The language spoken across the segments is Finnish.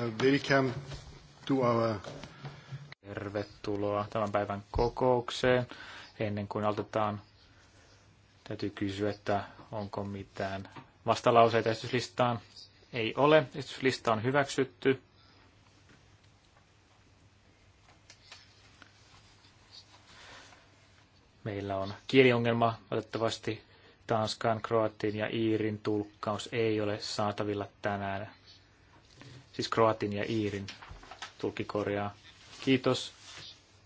Welcome uh, to our... Tervetuloa tämän päivän kokoukseen. Ennen kuin aloitetaan, täytyy kysyä, että onko mitään vastalauseita esityslistaan. Ei ole. Esityslista on hyväksytty. Meillä on kieliongelma, valitettavasti Tanskan, Kroatin ja Iirin tulkkaus ei ole saatavilla tänään siis Kroatin ja Iirin tulkikorjaa. Kiitos.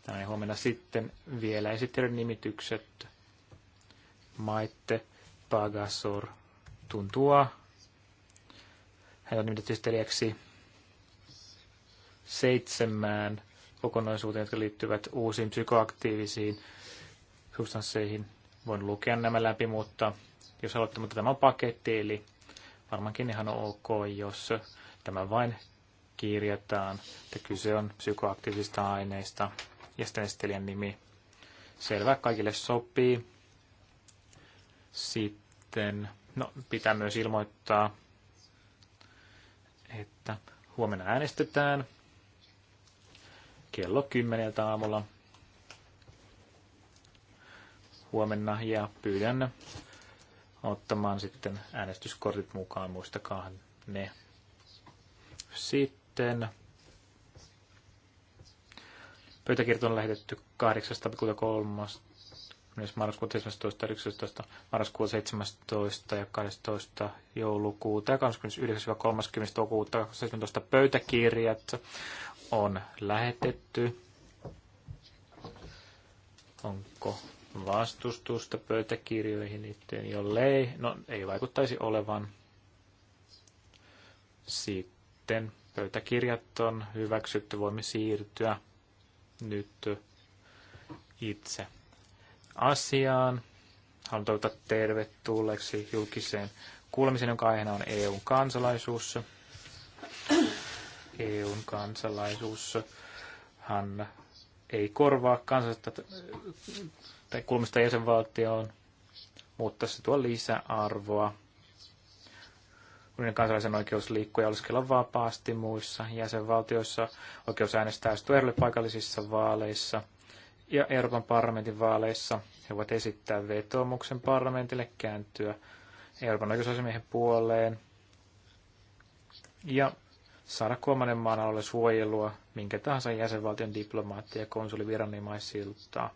Tänään huomenna sitten vielä esittelyn nimitykset. Maitte Pagasor tuntua. Hän on nimitetty esittelijäksi seitsemään kokonaisuuteen, jotka liittyvät uusiin psykoaktiivisiin substansseihin. Voin lukea nämä läpi, mutta jos haluatte, mutta tämä on paketti, eli varmaankin ihan ok, jos Tämä vain kirjataan, että kyse on psykoaktiivisista aineista ja sitten esittelijän nimi. Selvä, kaikille sopii. Sitten, no pitää myös ilmoittaa, että huomenna äänestetään kello kymmeneltä aamulla huomenna ja pyydän ottamaan sitten äänestyskortit mukaan, muistakaa ne. Sitten pöytäkirjat on lähetetty 8.3. marraskuuta 17. 19. marraskuuta 17. ja 12. joulukuuta ja 29-30. toukokuuta 17. pöytäkirjat on lähetetty. Onko vastustusta pöytäkirjoihin liittyen, jollei, no ei vaikuttaisi olevan. Sitten sitten pöytäkirjat on hyväksytty, voimme siirtyä nyt itse asiaan. Haluan toivottaa tervetulleeksi julkiseen kuulemiseen, jonka aiheena on EUn kansalaisuus. EUn kansalaisuus hän ei korvaa kansasta tai kuulumista jäsenvaltioon, mutta se tuo lisäarvoa unionin kansalaisen oikeus liikkua ja oleskella vapaasti muissa jäsenvaltioissa, oikeus äänestää ehdolle paikallisissa vaaleissa ja Euroopan parlamentin vaaleissa. He voivat esittää vetoomuksen parlamentille kääntyä Euroopan oikeusasiamiehen puoleen ja saada kolmannen maan alle suojelua minkä tahansa jäsenvaltion diplomaatti- ja konsuliviranomaissilta.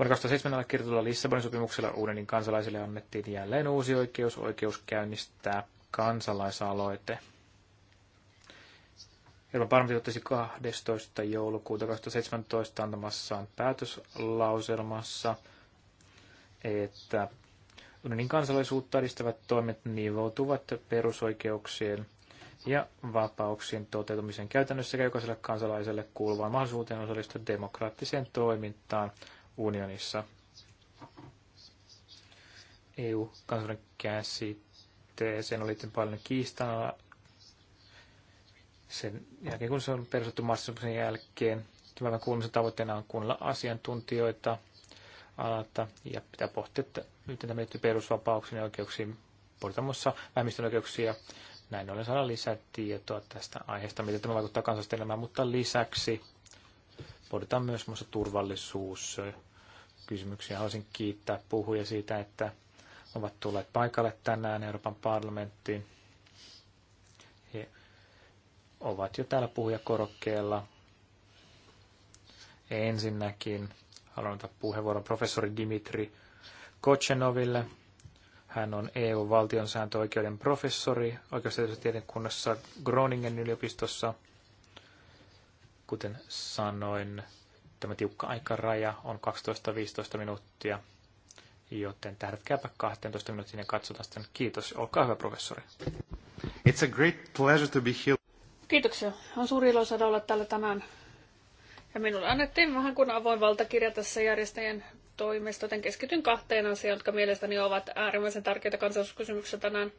Vuonna 2007 allekirjoitulla Lissabonin sopimuksella Uudenin kansalaisille annettiin jälleen uusi oikeus, oikeus käynnistää kansalaisaloite. Euroopan parlamentti ottaisi 12. joulukuuta 2017 antamassaan päätöslauselmassa, että unionin kansalaisuutta edistävät toimet nivoutuvat perusoikeuksien ja vapauksien toteutumisen käytännössä sekä jokaiselle kansalaiselle kuuluvaan mahdollisuuteen osallistua demokraattiseen toimintaan – unionissa. EU-kansallinen käsitteeseen oli paljon kiistaa sen jälkeen, kun se on perustettu maastasopimuksen jälkeen. Tämän niin kuulemisen tavoitteena on kuunnella asiantuntijoita alalta ja pitää pohtia, että miten tämä liittyy perusvapauksiin ja oikeuksiin, portamossa vähemmistön oikeuksia. Näin ollen saada lisää tietoa tästä aiheesta, miten tämä vaikuttaa kansallisten elämään, mutta lisäksi pohditaan myös muassa turvallisuus kysymyksiä. Haluaisin kiittää puhuja siitä, että ovat tulleet paikalle tänään Euroopan parlamenttiin. He ovat jo täällä puhujakorokkeella. Ensinnäkin haluan antaa puheenvuoron professori Dimitri Kochenoville. Hän on EU-valtionsääntöoikeuden professori oikeustieteellisessä kunnassa Groningen yliopistossa. Kuten sanoin, Tämä tiukka aikaraja on 12-15 minuuttia, joten tähdätkääpä 12 minuuttiin ja katsotaan sitten. Kiitos. Olkaa hyvä, professori. It's a great pleasure to be here. Kiitoksia. On suuri ilo saada olla täällä tänään. Ja minulle annettiin vähän kuin avoin valtakirja tässä järjestäjän toimesta, joten keskityn kahteen asiaan, jotka mielestäni ovat äärimmäisen tärkeitä kansallisuuskysymyksiä tänään.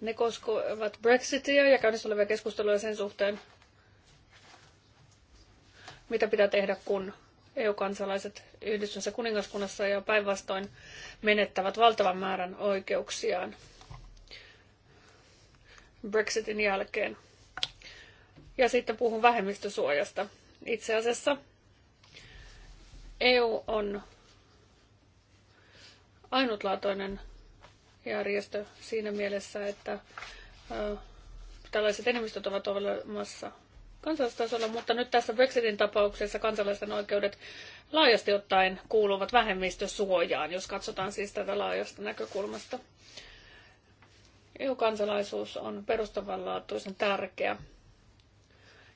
Ne koskevat Brexitia ja käynnissä olevia keskusteluja sen suhteen, mitä pitää tehdä, kun EU-kansalaiset Yhdistyneessä kuningaskunnassa ja päinvastoin menettävät valtavan määrän oikeuksiaan Brexitin jälkeen. Ja sitten puhun vähemmistösuojasta. Itse asiassa EU on ainutlaatuinen järjestö siinä mielessä, että tällaiset enemmistöt ovat olemassa kansallistasolla, mutta nyt tässä Brexitin tapauksessa kansalaisten oikeudet laajasti ottaen kuuluvat vähemmistösuojaan, jos katsotaan siis tätä laajasta näkökulmasta. EU-kansalaisuus on perustavanlaatuisen tärkeä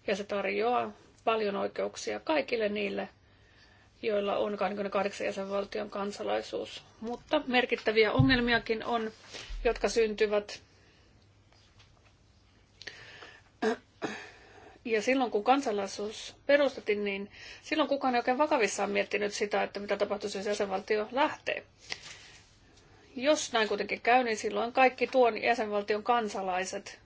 ja se tarjoaa paljon oikeuksia kaikille niille, joilla on 28 jäsenvaltion kansalaisuus. Mutta merkittäviä ongelmiakin on, jotka syntyvät ja silloin kun kansalaisuus perustettiin, niin silloin kukaan ei oikein vakavissaan miettinyt sitä, että mitä tapahtuisi, jos jäsenvaltio lähtee. Jos näin kuitenkin käy, niin silloin kaikki tuon jäsenvaltion kansalaiset,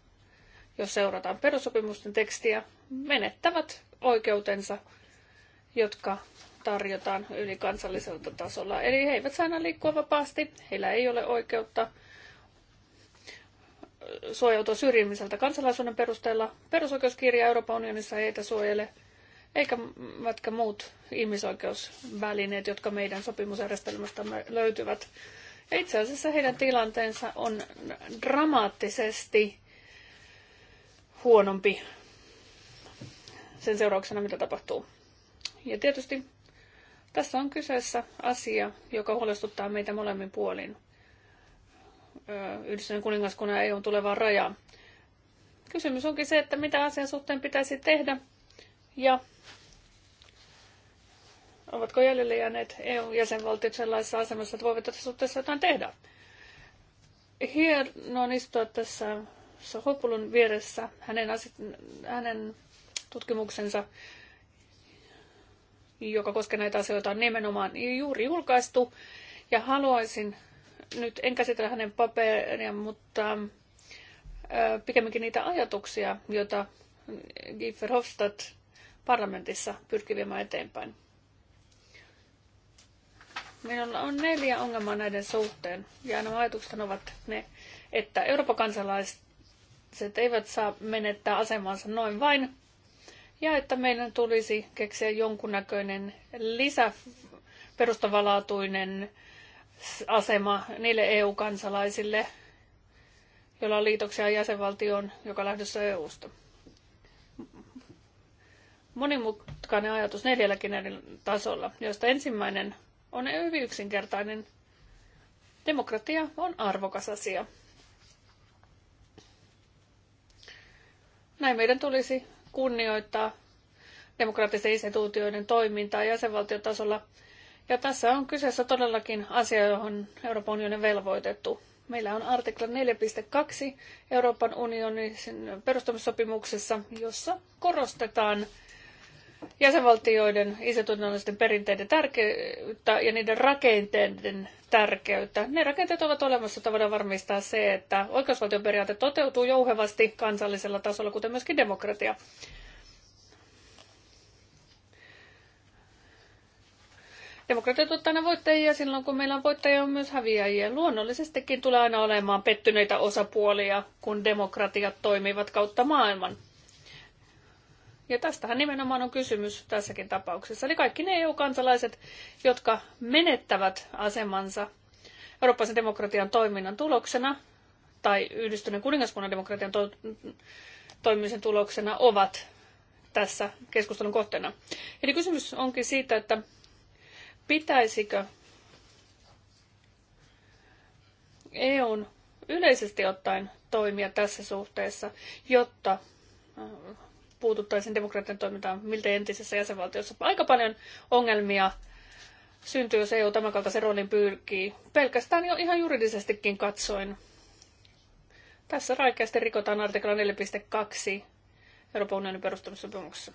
jos seurataan perussopimusten tekstiä, menettävät oikeutensa, jotka tarjotaan ylikansallisella tasolla. Eli he eivät saa liikkua vapaasti, heillä ei ole oikeutta suojautua syrjimiseltä kansalaisuuden perusteella. Perusoikeuskirja Euroopan unionissa heitä suojele, eikä vaikka muut ihmisoikeusvälineet, jotka meidän sopimusjärjestelmästämme löytyvät. Ja itse asiassa heidän tilanteensa on dramaattisesti huonompi sen seurauksena, mitä tapahtuu. Ja tietysti tässä on kyseessä asia, joka huolestuttaa meitä molemmin puolin. Yhdistyneen kuningaskunnan EUn tulevaan rajaan. Kysymys onkin se, että mitä asian suhteen pitäisi tehdä ja ovatko jäljelle jääneet EU-jäsenvaltiot sellaisessa asemassa, että voivat tässä suhteessa jotain tehdä. Hieno on istua tässä Sohopulun vieressä hänen, asit- hänen tutkimuksensa, joka koskee näitä asioita, on nimenomaan juuri julkaistu. Ja haluaisin nyt en käsitellä hänen paperia, mutta pikemminkin niitä ajatuksia, joita Giffer Verhofstadt parlamentissa pyrkii viemään eteenpäin. Minulla on neljä ongelmaa näiden suhteen, ja nämä ajatukset ovat ne, että Euroopan kansalaiset eivät saa menettää asemansa noin vain, ja että meidän tulisi keksiä jonkunnäköinen lisä perustavalaatuinen asema niille EU-kansalaisille, joilla on liitoksia jäsenvaltioon, joka on lähdössä EU-sta. Monimutkainen ajatus neljälläkin eri tasolla, joista ensimmäinen on hyvin yksinkertainen. Demokratia on arvokas asia. Näin meidän tulisi kunnioittaa demokraattisten instituutioiden toimintaa jäsenvaltiotasolla – ja tässä on kyseessä todellakin asia, johon Euroopan unioni on velvoitettu. Meillä on artikla 4.2 Euroopan unionin perustamissopimuksessa, jossa korostetaan jäsenvaltioiden isätunnallisten perinteiden tärkeyttä ja niiden rakenteiden tärkeyttä. Ne rakenteet ovat olemassa, että voidaan varmistaa se, että oikeusvaltioperiaate toteutuu jouhevasti kansallisella tasolla, kuten myöskin demokratia. Demokratia tuottaa aina voittajia silloin, kun meillä on voittajia on myös häviäjiä. Luonnollisestikin tulee aina olemaan pettyneitä osapuolia, kun demokratiat toimivat kautta maailman. Ja tästähän nimenomaan on kysymys tässäkin tapauksessa. Eli kaikki ne EU-kansalaiset, jotka menettävät asemansa eurooppalaisen demokratian toiminnan tuloksena tai yhdistyneen kuningaskunnan demokratian to- toimimisen tuloksena, ovat tässä keskustelun kohteena. Eli kysymys onkin siitä, että pitäisikö EUn yleisesti ottaen toimia tässä suhteessa, jotta puututtaisiin demokraattien toimintaan miltä entisessä jäsenvaltiossa. Aika paljon ongelmia syntyy, jos EU tämän kaltaisen roolin pyrkii. Pelkästään jo ihan juridisestikin katsoen. Tässä raikeasti rikotaan artikla 4.2 Euroopan unionin perustamissopimuksessa.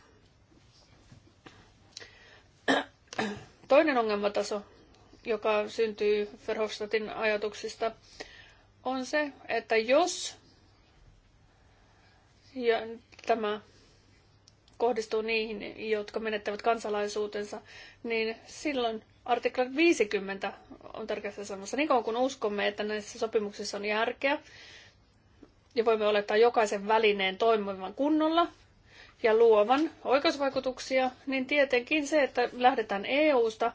Toinen ongelmataso, joka syntyy Verhofstadtin ajatuksista, on se, että jos ja tämä kohdistuu niihin, jotka menettävät kansalaisuutensa, niin silloin artikla 50 on tärkeässä sanossa. Niin kauan kun uskomme, että näissä sopimuksissa on järkeä ja voimme olettaa jokaisen välineen toimivan kunnolla, ja luovan oikeusvaikutuksia, niin tietenkin se, että lähdetään EU-sta,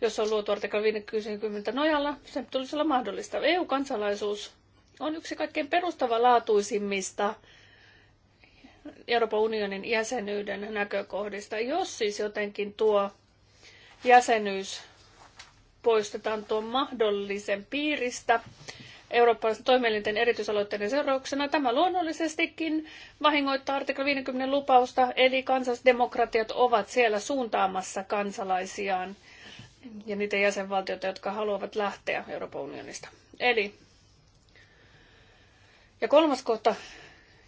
jos on luotu artikla 50 nojalla, sen tulisi olla mahdollista. EU-kansalaisuus on yksi kaikkein perustavanlaatuisimmista Euroopan unionin jäsenyyden näkökohdista. Jos siis jotenkin tuo jäsenyys poistetaan tuon mahdollisen piiristä, eurooppalaisten toimielinten erityisaloitteiden seurauksena. Tämä luonnollisestikin vahingoittaa artikla 50 lupausta, eli kansallisdemokratiat ovat siellä suuntaamassa kansalaisiaan ja niitä jäsenvaltioita, jotka haluavat lähteä Euroopan unionista. Eli ja kolmas kohta,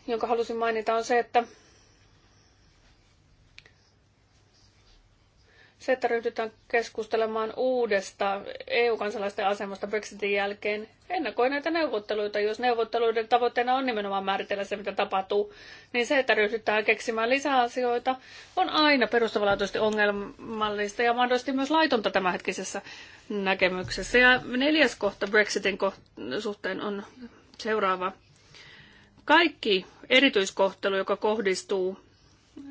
jonka halusin mainita, on se, että Se, että ryhdytään keskustelemaan uudesta EU-kansalaisten asemasta Brexitin jälkeen, ennakoi näitä neuvotteluita. Jos neuvotteluiden tavoitteena on nimenomaan määritellä se, mitä tapahtuu, niin se, että ryhdytään keksimään lisää asioita, on aina perustavanlaatuisesti ongelmallista ja mahdollisesti myös laitonta tämänhetkisessä näkemyksessä. Ja neljäs kohta Brexitin suhteen on seuraava. Kaikki erityiskohtelu, joka kohdistuu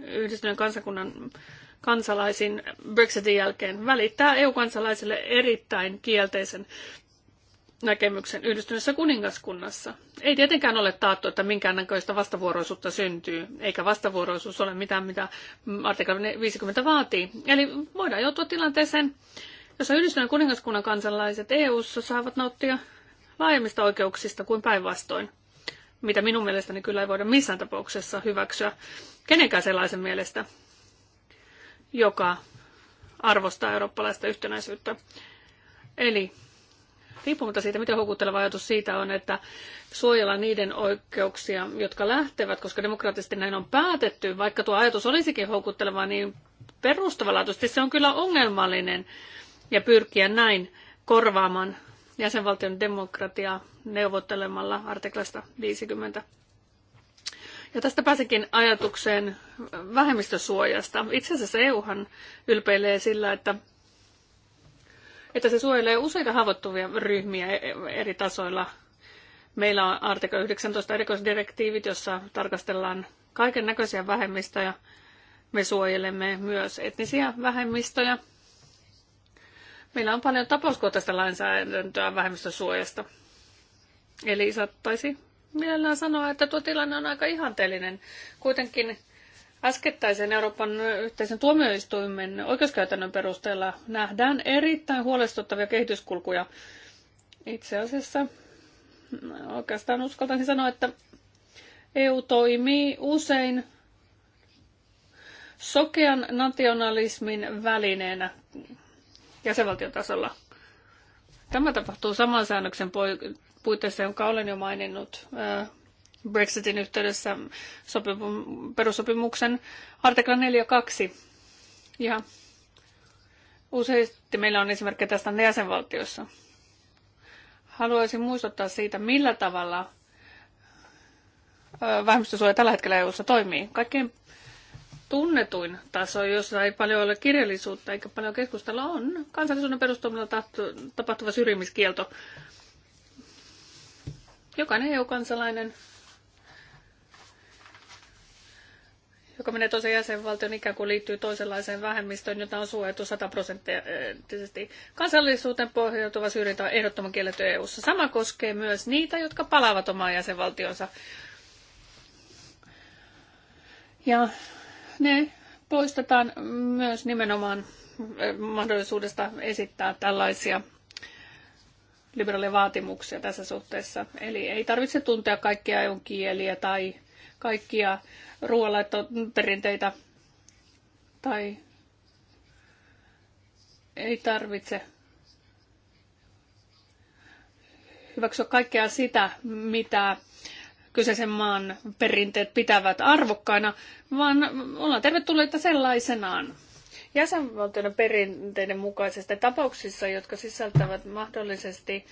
yhdistyneen kansakunnan kansalaisiin Brexitin jälkeen välittää EU-kansalaisille erittäin kielteisen näkemyksen yhdistyneessä kuningaskunnassa. Ei tietenkään ole taattu, että minkäännäköistä vastavuoroisuutta syntyy, eikä vastavuoroisuus ole mitään, mitä artikla 50 vaatii. Eli voidaan joutua tilanteeseen, jossa yhdistyneen kuningaskunnan kansalaiset EU-ssa saavat nauttia laajemmista oikeuksista kuin päinvastoin, mitä minun mielestäni kyllä ei voida missään tapauksessa hyväksyä kenenkään sellaisen mielestä, joka arvostaa eurooppalaista yhtenäisyyttä. Eli riippumatta siitä, miten houkutteleva ajatus siitä on, että suojella niiden oikeuksia, jotka lähtevät, koska demokraattisesti näin on päätetty, vaikka tuo ajatus olisikin houkutteleva, niin perustavanlaatuisesti se on kyllä ongelmallinen ja pyrkiä näin korvaamaan jäsenvaltion demokratiaa neuvottelemalla artiklasta 50. Ja tästä pääsekin ajatukseen vähemmistösuojasta. Itse asiassa EUhan ylpeilee sillä, että, että se suojelee useita haavoittuvia ryhmiä e- eri tasoilla. Meillä on artikla 19 erikoisdirektiivit, jossa tarkastellaan kaiken näköisiä vähemmistöjä. Me suojelemme myös etnisiä vähemmistöjä. Meillä on paljon tapauskohtaista lainsäädäntöä vähemmistösuojasta. Eli saattaisi Mielellään sanoa, että tuo tilanne on aika ihanteellinen. Kuitenkin äskettäisen Euroopan yhteisen tuomioistuimen oikeuskäytännön perusteella nähdään erittäin huolestuttavia kehityskulkuja. Itse asiassa oikeastaan uskaltaisin sanoa, että EU toimii usein sokean nationalismin välineenä jäsenvaltiotasolla. Tämä tapahtuu saman säännöksen puitteissa, jonka olen jo maininnut äh, Brexitin yhteydessä sopivun, perussopimuksen artikla 4.2. Ja useasti meillä on esimerkkejä tästä jäsenvaltiossa. Haluaisin muistuttaa siitä, millä tavalla äh, vähemmistösuoja tällä hetkellä EU:ssa toimii. Kaikkein tunnetuin taso, jossa ei paljon ole kirjallisuutta eikä paljon keskustella, on kansallisuuden perustoiminnalla tapahtuva syrjimiskielto. Jokainen EU-kansalainen, joka menee toisen jäsenvaltion, ikään kuin liittyy toisenlaiseen vähemmistöön, jota on suojattu sataprosenttisesti. Kansallisuuteen pohjautuva syrjintä on ehdottoman kielletty EU-ssa. Sama koskee myös niitä, jotka palaavat omaan jäsenvaltionsa. Ja ne poistetaan myös nimenomaan eh, mahdollisuudesta esittää tällaisia liberaaleja vaatimuksia tässä suhteessa. Eli ei tarvitse tuntea kaikkia EUn kieliä tai kaikkia ruoallaito-perinteitä, tai ei tarvitse hyväksyä kaikkea sitä, mitä kyseisen maan perinteet pitävät arvokkaina, vaan ollaan tervetulleita sellaisenaan jäsenvaltioiden perinteiden mukaisesti tapauksissa, jotka sisältävät mahdollisesti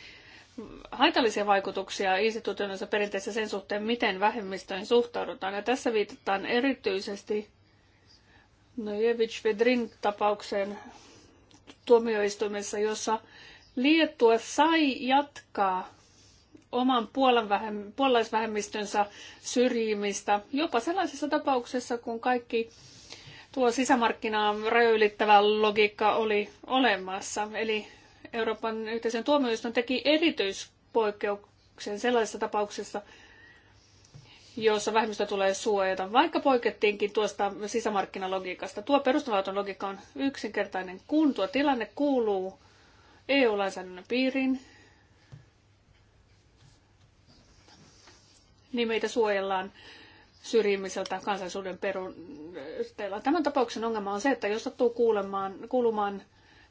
haitallisia vaikutuksia instituutioissa perinteessä sen suhteen, miten vähemmistöihin suhtaudutaan. Ja tässä viitataan erityisesti Nojevich Vedrin tapaukseen tuomioistuimessa, jossa Liettua sai jatkaa oman puolan vähem- puolalaisvähemmistönsä syrjimistä jopa sellaisessa tapauksessa, kun kaikki tuo sisämarkkinaan rajoylittävä logiikka oli olemassa. Eli Euroopan yhteisön tuomioistuin teki erityispoikkeuksen sellaisissa tapauksissa, jossa vähemmistö tulee suojata, vaikka poikettiinkin tuosta sisämarkkinalogiikasta. Tuo perustavanlaatuinen logiikka on yksinkertainen, kun tuo tilanne kuuluu EU-lainsäädännön piiriin, niin meitä suojellaan syrjimiseltä kansallisuuden perusteella. Tämän tapauksen ongelma on se, että jos sattuu kuulemaan, kuulumaan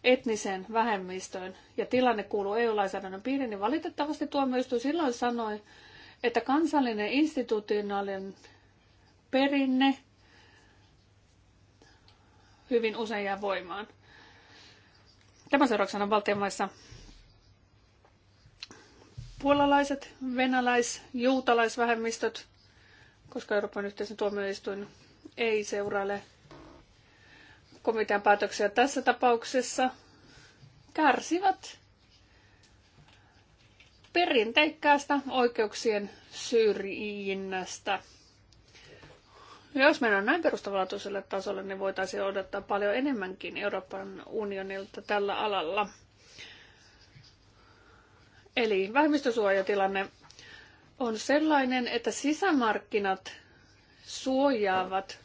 etniseen vähemmistöön ja tilanne kuuluu EU-lainsäädännön piiriin, niin valitettavasti tuomioistuin silloin sanoi, että kansallinen institutionaalinen perinne hyvin usein jää voimaan. Tämän seurauksena on valtionmaissa puolalaiset, venäläis, juutalaisvähemmistöt koska Euroopan yhteisön tuomioistuin ei seuraile komitean päätöksiä tässä tapauksessa, kärsivät perinteikkäästä oikeuksien syrjinnästä. jos mennään näin perustavanlaatuiselle tasolle, niin voitaisiin odottaa paljon enemmänkin Euroopan unionilta tällä alalla. Eli vähemmistösuojatilanne on sellainen, että sisämarkkinat suojaavat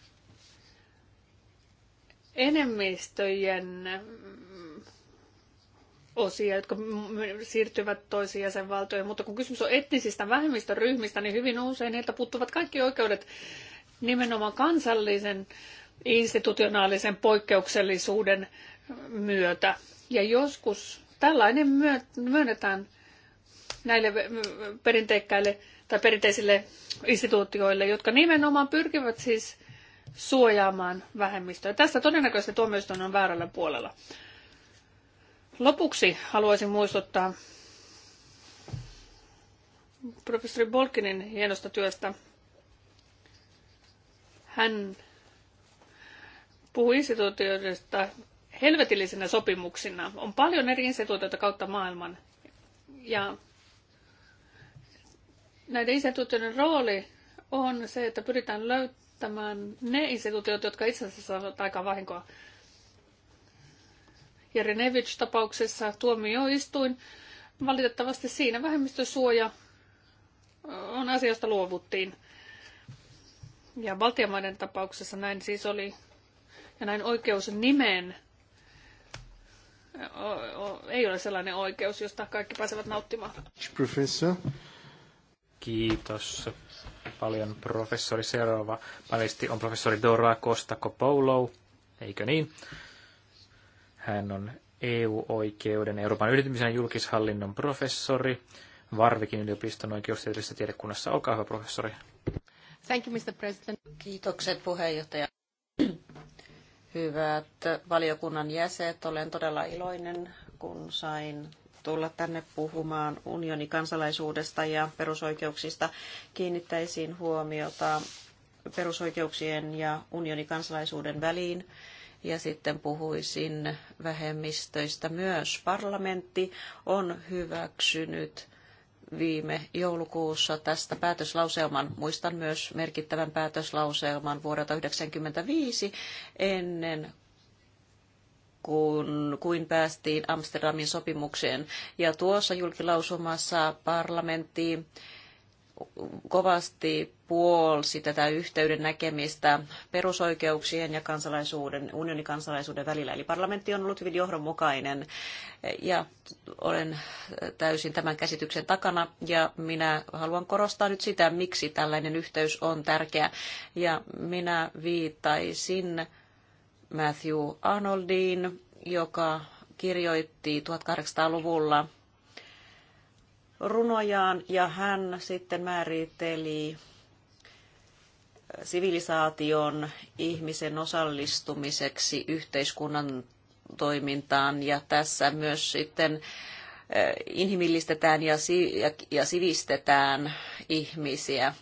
enemmistöjen mm, osia, jotka siirtyvät toisiin jäsenvaltioihin, mutta kun kysymys on etnisistä vähemmistöryhmistä, niin hyvin usein heiltä puuttuvat kaikki oikeudet nimenomaan kansallisen institutionaalisen poikkeuksellisuuden myötä. Ja joskus tällainen myönnetään näille perinteikkäille tai perinteisille instituutioille, jotka nimenomaan pyrkivät siis suojaamaan vähemmistöä. Tässä todennäköisesti tuomioistuin on väärällä puolella. Lopuksi haluaisin muistuttaa professori Bolkinin hienosta työstä. Hän puhui instituutioista helvetillisinä sopimuksina. On paljon eri instituutioita kautta maailman. Ja näiden instituutioiden rooli on se, että pyritään löytämään ne instituutiot, jotka itse asiassa saavat aikaan vahinkoa. Jerenevich-tapauksessa tuomioistuin valitettavasti siinä vähemmistösuoja on asiasta luovuttiin. Ja Baltiamaiden tapauksessa näin siis oli, ja näin oikeus nimeen ei ole sellainen oikeus, josta kaikki pääsevät nauttimaan. Professor. Kiitos paljon professori. Seuraava panelisti on professori Dora Kostakopoulo, eikö niin? Hän on EU-oikeuden Euroopan yritymisen julkishallinnon professori Varvikin yliopiston oikeustieteellisessä tiedekunnassa. Olkaa hyvä, professori. Thank you, Mr. President. Kiitokset puheenjohtaja. Hyvät valiokunnan jäsenet, olen todella iloinen, kun sain tulla tänne puhumaan unionin kansalaisuudesta ja perusoikeuksista. Kiinnittäisiin huomiota perusoikeuksien ja unionin kansalaisuuden väliin. Ja sitten puhuisin vähemmistöistä myös. Parlamentti on hyväksynyt viime joulukuussa tästä päätöslauselman. Muistan myös merkittävän päätöslauselman vuodelta 1995 ennen kun, kuin päästiin Amsterdamin sopimukseen. Ja tuossa julkilausumassa parlamentti kovasti puolsi tätä yhteyden näkemistä perusoikeuksien ja kansalaisuuden, unionin kansalaisuuden välillä. Eli parlamentti on ollut hyvin johdonmukainen ja olen täysin tämän käsityksen takana ja minä haluan korostaa nyt sitä, miksi tällainen yhteys on tärkeä ja minä viittaisin Matthew Arnoldin, joka kirjoitti 1800-luvulla runojaan ja hän sitten määritteli äh, sivilisaation ihmisen osallistumiseksi yhteiskunnan toimintaan ja tässä myös sitten äh, inhimillistetään ja, ja sivistetään ihmisiä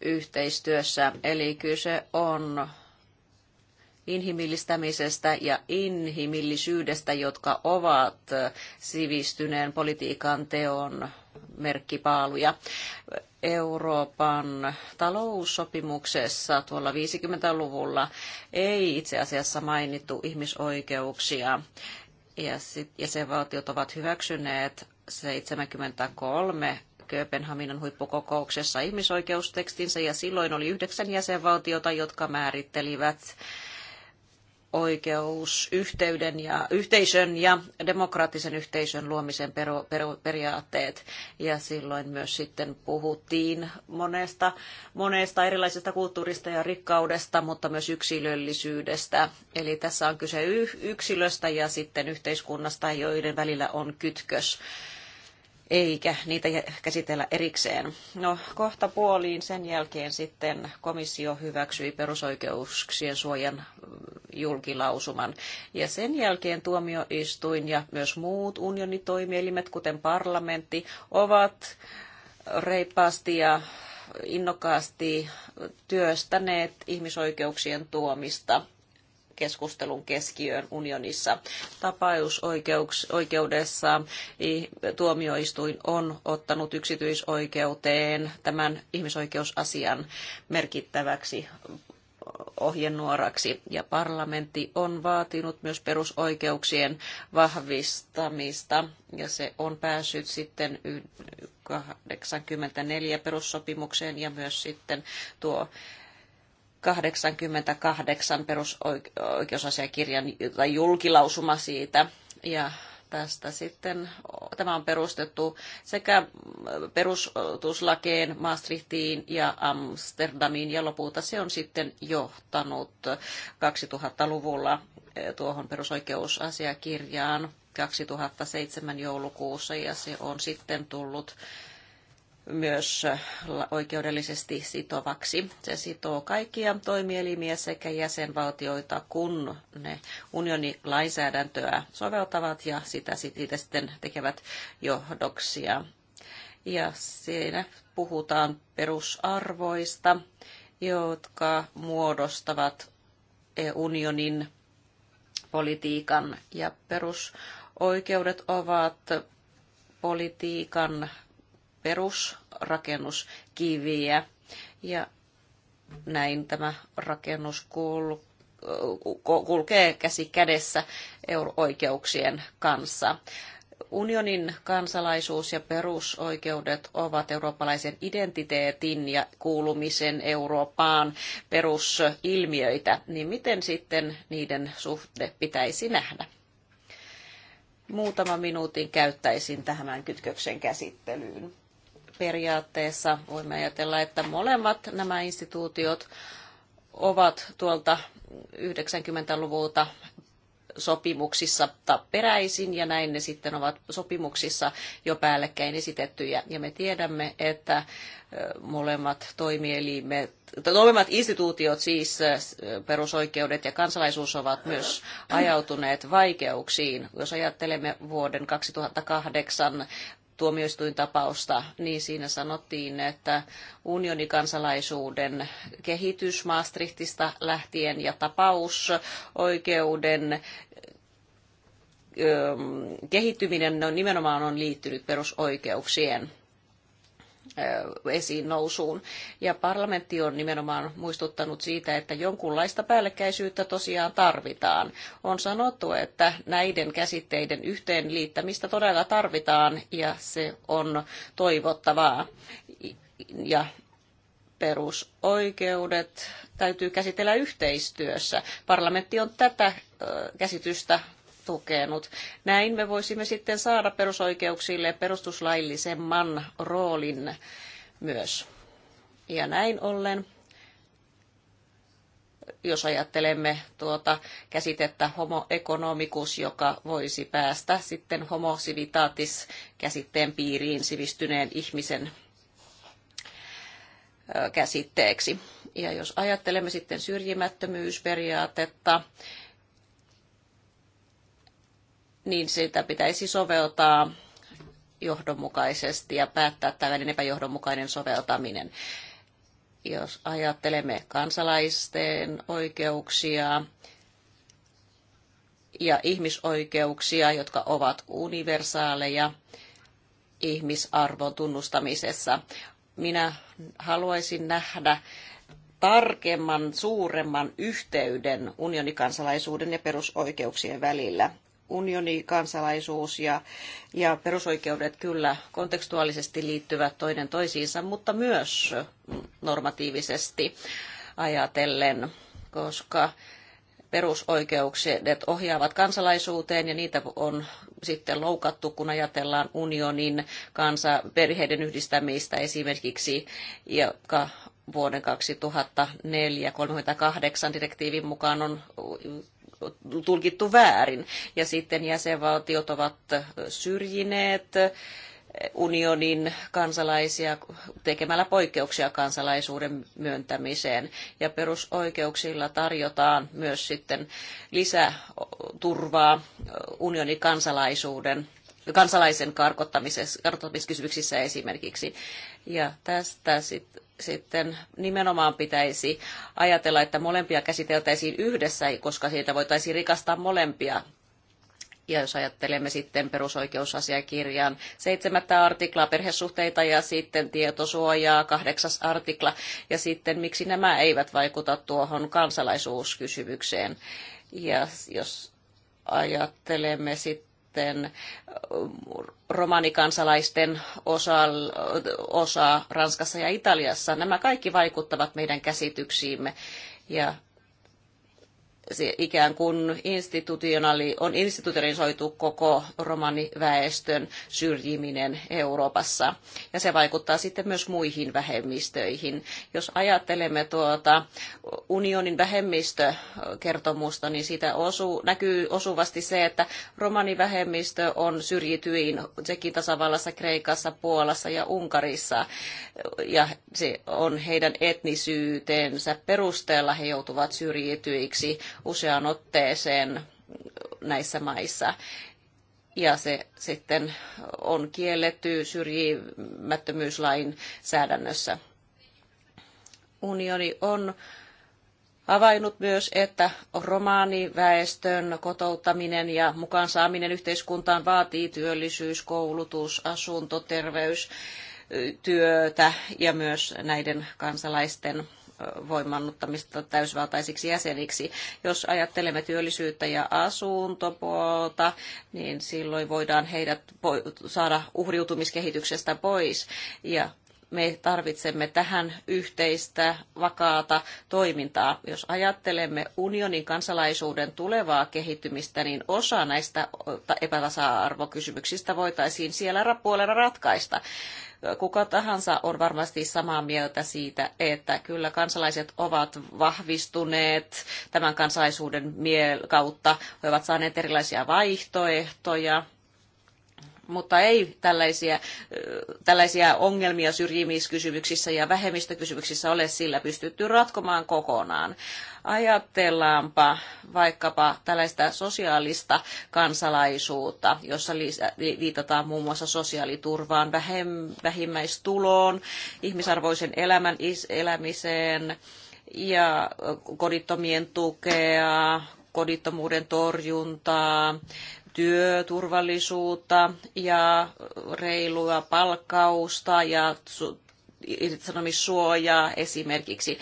yhteistyössä. Eli kyse on inhimillistämisestä ja inhimillisyydestä, jotka ovat sivistyneen politiikan teon merkkipaaluja. Euroopan taloussopimuksessa tuolla 50-luvulla ei itse asiassa mainittu ihmisoikeuksia. Ja sit jäsenvaltiot ovat hyväksyneet 73 Kööpenhaminan huippukokouksessa ihmisoikeustekstinsä ja silloin oli yhdeksän jäsenvaltiota, jotka määrittelivät ihmisoikeusyhteyden ja yhteisön ja demokraattisen yhteisön luomisen periaatteet. Ja silloin myös sitten puhuttiin monesta, monesta erilaisesta kulttuurista ja rikkaudesta, mutta myös yksilöllisyydestä. Eli tässä on kyse yksilöstä ja sitten yhteiskunnasta, joiden välillä on kytkös eikä niitä käsitellä erikseen. No kohta puoliin sen jälkeen sitten komissio hyväksyi perusoikeuksien suojan mm, julkilausuman. Ja sen jälkeen tuomioistuin ja myös muut unionitoimielimet, kuten parlamentti, ovat reippaasti ja innokkaasti työstäneet ihmisoikeuksien tuomista keskustelun keskiöön unionissa. Tapausoikeudessa tuomioistuin on ottanut yksityisoikeuteen tämän ihmisoikeusasian merkittäväksi ohjenuoraksi ja parlamentti on vaatinut myös perusoikeuksien vahvistamista ja se on päässyt sitten 84 perussopimukseen ja myös sitten tuo 88 perusoikeusasiakirjan tai julkilausuma siitä. Ja tästä sitten, tämä on perustettu sekä perustuslakeen, Maastrichtiin ja Amsterdamiin ja lopulta se on sitten johtanut 2000-luvulla eh, tuohon perusoikeusasiakirjaan 2007 joulukuussa ja se on sitten tullut myös oikeudellisesti sitovaksi. Se sitoo kaikkia toimielimiä sekä jäsenvaltioita, kun ne unionin soveltavat ja sitä, siitä sitten tekevät johdoksia. Ja siinä puhutaan perusarvoista, jotka muodostavat unionin politiikan ja perusoikeudet ovat politiikan perusrakennuskiviä. Ja näin tämä rakennus kulkee käsi kädessä oikeuksien kanssa. Unionin kansalaisuus ja perusoikeudet ovat eurooppalaisen identiteetin ja kuulumisen Eurooppaan perusilmiöitä, niin miten sitten niiden suhde pitäisi nähdä? Muutama minuutin käyttäisin tähän kytköksen käsittelyyn periaatteessa voimme ajatella, että molemmat nämä instituutiot ovat tuolta 90-luvulta sopimuksissa peräisin ja näin ne sitten ovat sopimuksissa jo päällekkäin esitettyjä. Ja me tiedämme, että molemmat toimielimet, molemmat instituutiot, siis perusoikeudet ja kansalaisuus ovat myös ajautuneet vaikeuksiin. Jos ajattelemme vuoden 2008 tuomioistuintapausta, niin siinä sanottiin, että unionikansalaisuuden kehitys Maastrichtista lähtien ja tapausoikeuden kehittyminen on nimenomaan on liittynyt perusoikeuksien esiin nousuun. Ja parlamentti on nimenomaan muistuttanut siitä, että jonkunlaista päällekkäisyyttä tosiaan tarvitaan. On sanottu, että näiden käsitteiden yhteenliittämistä todella tarvitaan ja se on toivottavaa. Ja perusoikeudet täytyy käsitellä yhteistyössä. Parlamentti on tätä käsitystä tukenut. Näin me voisimme sitten saada perusoikeuksille perustuslaillisemman roolin myös. Ja näin ollen jos ajattelemme tuota käsitettä homo economicus, joka voisi päästä sitten homo civitatis käsitteen piiriin sivistyneen ihmisen käsitteeksi. Ja jos ajattelemme sitten syrjimättömyysperiaatetta, niin sitä pitäisi soveltaa johdonmukaisesti ja päättää tällainen epäjohdonmukainen soveltaminen. Jos ajattelemme kansalaisten oikeuksia ja ihmisoikeuksia, jotka ovat universaaleja ihmisarvon tunnustamisessa, minä haluaisin nähdä tarkemman, suuremman yhteyden unionikansalaisuuden ja perusoikeuksien välillä unionikansalaisuus ja, ja perusoikeudet kyllä kontekstuaalisesti liittyvät toinen toisiinsa, mutta myös normatiivisesti ajatellen, koska perusoikeukset ohjaavat kansalaisuuteen ja niitä on sitten loukattu, kun ajatellaan unionin kansa perheiden yhdistämistä esimerkiksi, joka vuoden 2004 38 direktiivin mukaan on tulkittu väärin. Ja sitten jäsenvaltiot ovat syrjineet unionin kansalaisia tekemällä poikkeuksia kansalaisuuden myöntämiseen. Ja perusoikeuksilla tarjotaan myös sitten lisäturvaa unionin kansalaisuuden kansalaisen karkottamiskysymyksissä esimerkiksi. Ja tästä sitten sitten nimenomaan pitäisi ajatella, että molempia käsiteltäisiin yhdessä, koska siitä voitaisiin rikastaa molempia. Ja jos ajattelemme sitten perusoikeusasiakirjan seitsemättä artiklaa perhesuhteita ja sitten tietosuojaa kahdeksas artikla ja sitten miksi nämä eivät vaikuta tuohon kansalaisuuskysymykseen. Ja jos ajattelemme sitten sitten äh, romanikansalaisten osa, osaa Ranskassa ja Italiassa. Nämä kaikki vaikuttavat meidän käsityksiimme ja ikään kuin institutionaali, on institutionalisoitu koko romaniväestön syrjiminen Euroopassa. Ja se vaikuttaa sitten myös muihin vähemmistöihin. Jos ajattelemme tuota unionin vähemmistökertomusta, niin siitä osu, näkyy osuvasti se, että romanivähemmistö on syrjityin Tsekin tasavallassa, Kreikassa, Puolassa ja Unkarissa. Ja se on heidän etnisyytensä perusteella he joutuvat syrjityiksi useaan otteeseen näissä maissa. Ja se sitten on kielletty syrjimättömyyslain säädännössä. Unioni on havainnut myös, että romaaniväestön kotouttaminen ja mukaan saaminen yhteiskuntaan vaatii työllisyys, koulutus, asunto, terveys, työtä ja myös näiden kansalaisten voimannuttamista täysvaltaisiksi jäseniksi. Jos ajattelemme työllisyyttä ja asuntopuolta, niin silloin voidaan heidät saada uhriutumiskehityksestä pois. Ja me tarvitsemme tähän yhteistä, vakaata toimintaa. Jos ajattelemme unionin kansalaisuuden tulevaa kehittymistä, niin osa näistä epätasa-arvokysymyksistä voitaisiin siellä puolella ratkaista kuka tahansa on varmasti samaa mieltä siitä, että kyllä kansalaiset ovat vahvistuneet tämän kansalaisuuden kautta. He ovat saaneet erilaisia vaihtoehtoja mutta ei tällaisia, tällaisia ongelmia syrjimiskysymyksissä ja vähemmistökysymyksissä ole sillä pystytty ratkomaan kokonaan. Ajatellaanpa vaikkapa tällaista sosiaalista kansalaisuutta, jossa viitataan muun muassa sosiaaliturvaan, vähimmäistuloon, ihmisarvoisen elämän elämiseen ja kodittomien tukea, kodittomuuden torjuntaa, työturvallisuutta ja reilua palkkausta ja irtisanomissuojaa esimerkiksi.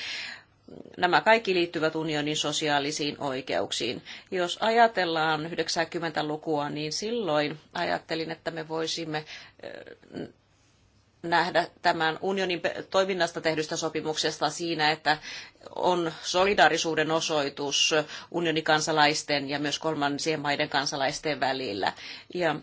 Nämä kaikki liittyvät unionin sosiaalisiin oikeuksiin. Jos ajatellaan 90-lukua, niin silloin ajattelin, että me voisimme nähdä tämän unionin toiminnasta tehdystä sopimuksesta siinä, että on solidaarisuuden osoitus unionikansalaisten ja myös kolmansien maiden kansalaisten välillä. Ja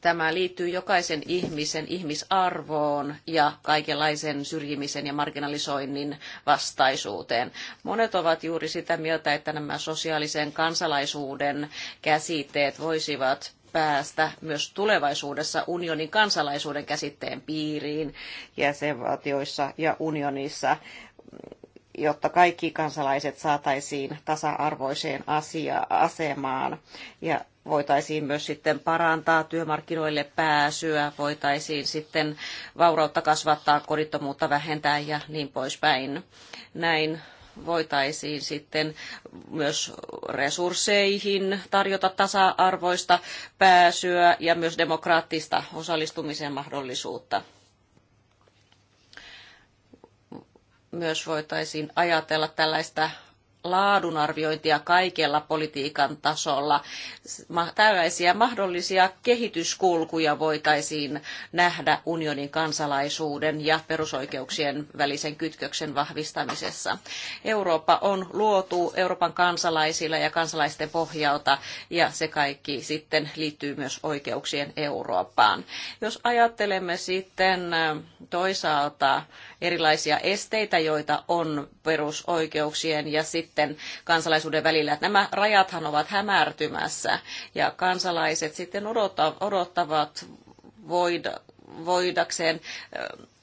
tämä liittyy jokaisen ihmisen ihmisarvoon ja kaikenlaisen syrjimisen ja marginalisoinnin vastaisuuteen. Monet ovat juuri sitä mieltä, että nämä sosiaalisen kansalaisuuden käsitteet voisivat päästä myös tulevaisuudessa unionin kansalaisuuden käsitteen piiriin jäsenvaltioissa ja unionissa jotta kaikki kansalaiset saataisiin tasa-arvoiseen asia- asemaan. Ja voitaisiin myös sitten parantaa työmarkkinoille pääsyä, voitaisiin sitten vaurautta kasvattaa, kodittomuutta vähentää ja niin poispäin. Näin voitaisiin sitten myös resursseihin tarjota tasa-arvoista pääsyä ja myös demokraattista osallistumisen mahdollisuutta. Myös voitaisiin ajatella tällaista laadunarviointia kaikella politiikan tasolla. Tällaisia mahdollisia kehityskulkuja voitaisiin nähdä unionin kansalaisuuden ja perusoikeuksien välisen kytköksen vahvistamisessa. Eurooppa on luotu Euroopan kansalaisilla ja kansalaisten pohjalta ja se kaikki sitten liittyy myös oikeuksien Eurooppaan. Jos ajattelemme sitten toisaalta erilaisia esteitä, joita on perusoikeuksien ja sitten sitten kansalaisuuden välillä. Että nämä rajathan ovat hämärtymässä ja kansalaiset sitten odottavat voida, voidakseen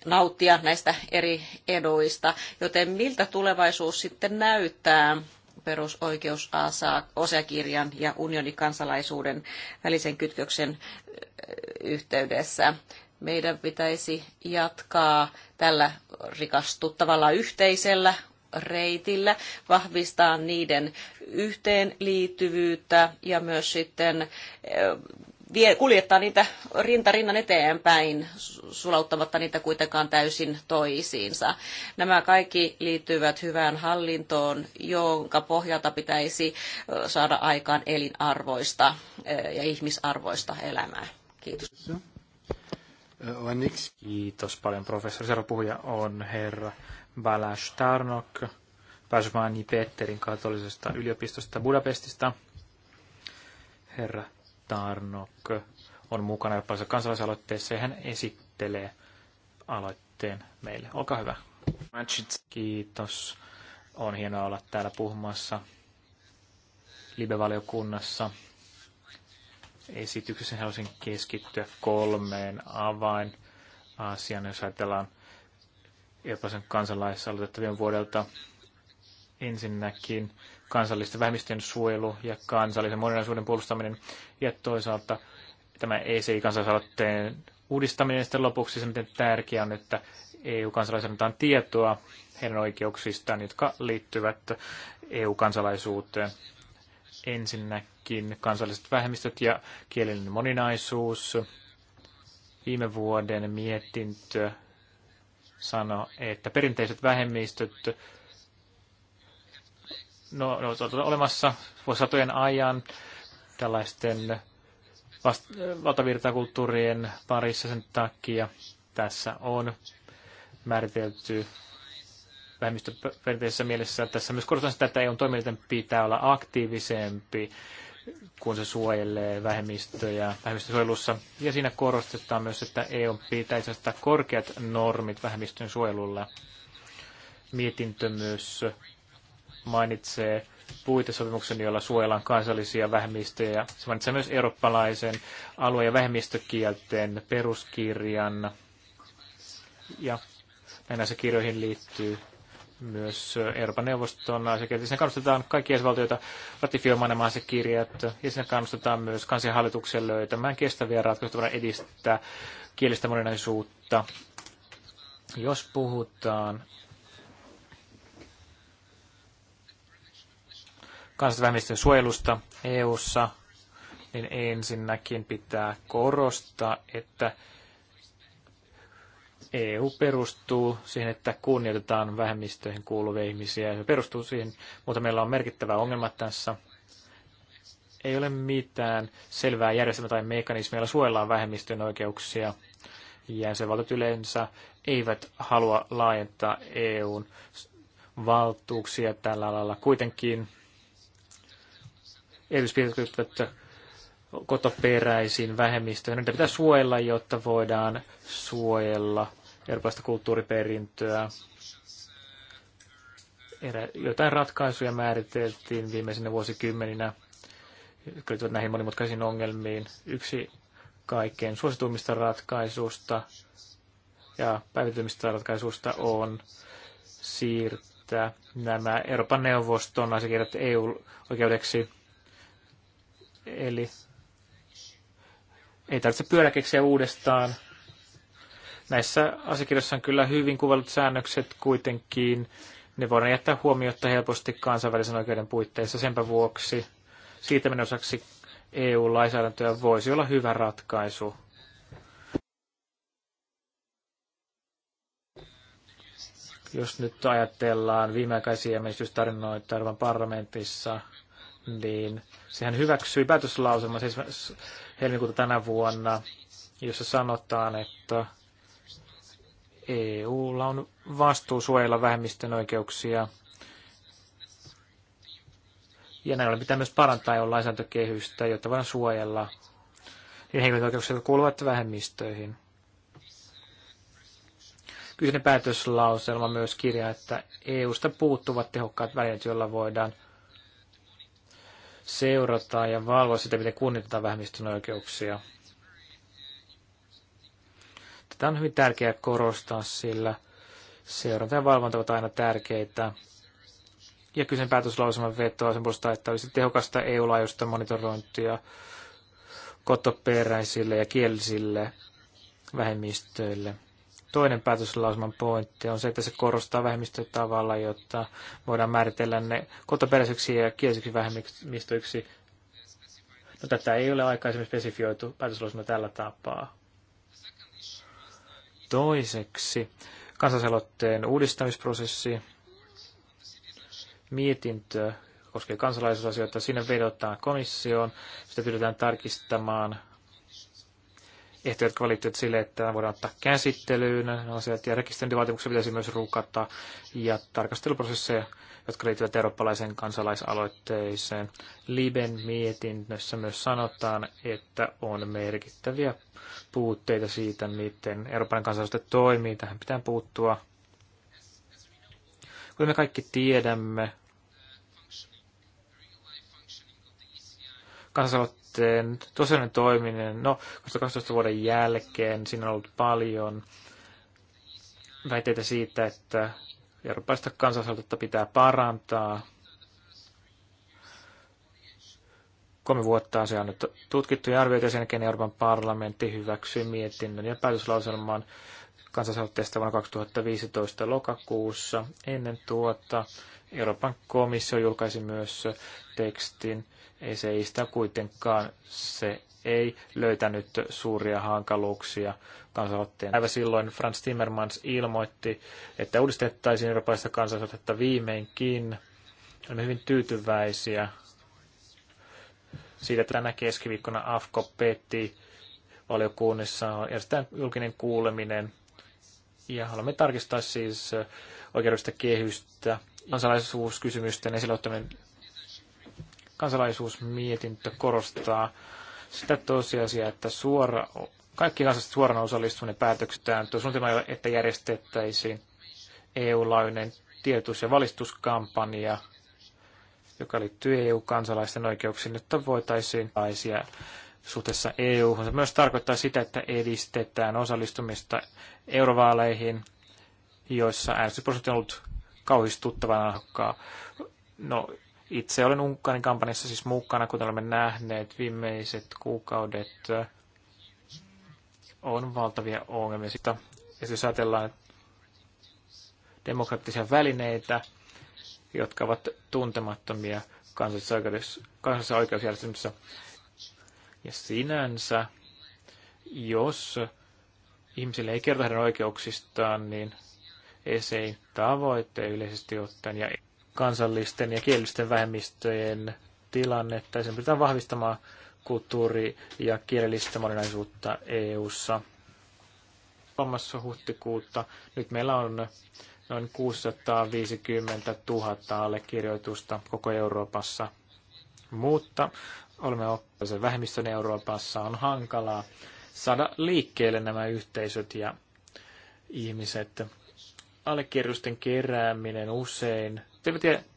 nauttia näistä eri eduista. Joten miltä tulevaisuus sitten näyttää perusoikeusasiakirjan ja unionikansalaisuuden välisen kytköksen yhteydessä? Meidän pitäisi jatkaa tällä rikastuttavalla yhteisellä reitillä, vahvistaa niiden yhteenliittyvyyttä ja myös sitten eh, kuljettaa niitä rintarinnan eteenpäin, sulauttamatta niitä kuitenkaan täysin toisiinsa. Nämä kaikki liittyvät hyvään hallintoon, jonka pohjalta pitäisi eh, saada aikaan elinarvoista eh, ja ihmisarvoista elämää. Kiitos. Kiitos paljon professori. Seuraava puhuja on herra Balázs Tárnok, Pajmani Petterin katolisesta yliopistosta Budapestista. Herra Tarnok on mukana jopa kansalaisaloitteessa ja hän esittelee aloitteen meille. Olkaa hyvä. Kiitos. On hienoa olla täällä puhumassa libevaliokunnassa. Esityksessä haluaisin keskittyä kolmeen avain asiaan, jos ajatellaan Irlannin kansalaisaloitetta viime vuodelta. Ensinnäkin kansallisten vähemmistöjen suojelu ja kansallisen moninaisuuden puolustaminen ja toisaalta tämä ECI-kansalaisaloitteen uudistaminen sitten lopuksi se, miten tärkeää on, että EU-kansalaisille annetaan tietoa heidän oikeuksistaan, jotka liittyvät EU-kansalaisuuteen. Ensinnäkin kansalliset vähemmistöt ja kielellinen moninaisuus. Viime vuoden mietintö sanoi, että perinteiset vähemmistöt no, no, ovat olemassa vuosisatojen ajan tällaisten vast- valtavirtakulttuurien parissa sen takia. Tässä on määritelty vähemmistöperinteisessä mielessä. Tässä myös korostan sitä, että EUn toimijoiden pitää olla aktiivisempi kun se suojelee vähemmistöjä vähemmistösuojelussa. Ja siinä korostetaan myös, että EU pitää asettaa korkeat normit vähemmistön suojelulla. Mietintö myös mainitsee puitesopimuksen, jolla suojellaan kansallisia vähemmistöjä. Se mainitsee myös eurooppalaisen alue- ja vähemmistökielten peruskirjan. Ja näissä kirjoihin liittyy myös Euroopan neuvoston asiakirjat. Siinä kannustetaan kaikki jäsenvaltioita ratifioimaan nämä asiakirjat ja siinä kannustetaan myös kansanhallituksen löytämään kestäviä ratkaisuja edistää kielistä moninaisuutta. Jos puhutaan kansanvähemmistön suojelusta EU:ssa, niin ensinnäkin pitää korostaa, että EU perustuu siihen, että kunnioitetaan vähemmistöihin kuuluvia ihmisiä. Se perustuu siihen, mutta meillä on merkittävä ongelma tässä. Ei ole mitään selvää järjestelmää tai mekanismia, jolla suojellaan vähemmistöjen oikeuksia. Jäsenvaltiot yleensä eivät halua laajentaa EUn valtuuksia tällä alalla. Kuitenkin erityispiirteet kotoperäisiin vähemmistöihin. Niitä pitää suojella, jotta voidaan suojella erilaista kulttuuriperintöä. Erä, jotain ratkaisuja määriteltiin viimeisinä vuosikymmeninä, jotka liittyvät näihin monimutkaisiin ongelmiin. Yksi kaikkein suosituimmista ratkaisusta ja päivitymistä ratkaisusta on siirtää nämä Euroopan neuvoston asiakirjat EU-oikeudeksi. Eli ei tarvitse pyörä keksiä uudestaan, Näissä asiakirjoissa on kyllä hyvin kuvallut säännökset kuitenkin. Ne voidaan jättää huomiota helposti kansainvälisen oikeuden puitteissa senpä vuoksi. Siirtäminen osaksi EU-lainsäädäntöä voisi olla hyvä ratkaisu. Jos nyt ajatellaan viimeaikaisia menestystarinoita Euroopan parlamentissa, niin sehän hyväksyi päätöslauselman 7. helmikuuta tänä vuonna, jossa sanotaan, että EUlla on vastuu suojella vähemmistön oikeuksia. Ja näin ollen pitää myös parantaa jo e lainsäädäntökehystä, jotta voidaan suojella niin henkilöiden oikeuksia, jotka kuuluvat vähemmistöihin. Kyseinen päätöslauselma myös kirjaa, että EUsta puuttuvat tehokkaat välineet, joilla voidaan seurata ja valvoa sitä, miten kunnioitetaan vähemmistön oikeuksia. Tämä on hyvin tärkeää korostaa, sillä seuranta ja valvonta ovat aina tärkeitä. Ja kysen päätöslauselman vetoa sen puolesta, että olisi tehokasta EU-laajuista monitorointia kotoperäisille ja kielisille vähemmistöille. Toinen päätöslauselman pointti on se, että se korostaa vähemmistöä tavalla, jotta voidaan määritellä ne kotoperäiseksi ja kielisiksi vähemmistöiksi. No, tätä ei ole aikaisemmin spesifioitu päätöslauselma tällä tapaa. Toiseksi kansalaisaloitteen uudistamisprosessi. Mietintö koskee kansalaisuusasioita. Siinä vedotaan komissioon. Sitä pyydetään tarkistamaan ehtoja, jotka valittuvat sille, että voidaan ottaa käsittelyyn asiat ja rekisteröintivaatimuksia pitäisi myös rukata ja tarkasteluprosesseja jotka liittyvät eurooppalaisen kansalaisaloitteeseen. Liben mietinnössä myös sanotaan, että on merkittäviä puutteita siitä, miten Euroopan kansalaiset toimii. Tähän pitää puuttua. Kuten me kaikki tiedämme, kansalaisaloitteen tosiaan toiminen, no 12 vuoden jälkeen siinä on ollut paljon väitteitä siitä, että Eurooppalaista kansalaisuutta pitää parantaa. Kolme vuotta asia on nyt tutkittu ja arvioitu, ja sen jälkeen Euroopan parlamentti hyväksyi mietinnön ja päätöslauselman kansalaisaloitteesta vuonna 2015 lokakuussa. Ennen tuota Euroopan komissio julkaisi myös tekstin. Ei seistä kuitenkaan se ei löytänyt suuria hankaluuksia kansalaisaloitteen. Päivä silloin Franz Timmermans ilmoitti, että uudistettaisiin eurooppalaista kansalaisaloitetta viimeinkin. Olemme hyvin tyytyväisiä siitä, että tänä keskiviikkona AFKO petti valiokunnissa on järjestetään julkinen kuuleminen. Ja haluamme tarkistaa siis oikeudellista kehystä, kansalaisuuskysymysten esille ottaminen kansalaisuusmietintö korostaa sitä tosiasiaa, että suora, kaikki kansalliset suorana osallistuneet päätöksetään tuo suunnitelma, että järjestettäisiin eu lainen tietous- ja valistuskampanja, joka liittyy EU-kansalaisten oikeuksiin, että voitaisiin laisia suhteessa EU. Se myös tarkoittaa sitä, että edistetään osallistumista eurovaaleihin, joissa äänestysprosentti on ollut kauhistuttavan alkaa. No, itse olen unkkanin kampanjassa siis mukana, kuten olemme nähneet viimeiset kuukaudet. On valtavia ongelmia. Sitä, ja jos ajatellaan demokraattisia välineitä, jotka ovat tuntemattomia kansallisessa, oikeusjärjestelmässä. Ja sinänsä, jos ihmisille ei kerta heidän oikeuksistaan, niin ei se tavoite yleisesti ottaen ja kansallisten ja kielisten vähemmistöjen tilannetta. Ja sen pyritään vahvistamaan kulttuuri- ja kielellistä moninaisuutta EU-ssa. 3. huhtikuuta nyt meillä on noin 650 000 allekirjoitusta koko Euroopassa. Mutta olemme oppilaisen vähemmistön Euroopassa on hankalaa saada liikkeelle nämä yhteisöt ja ihmiset. Allekirjoitusten kerääminen usein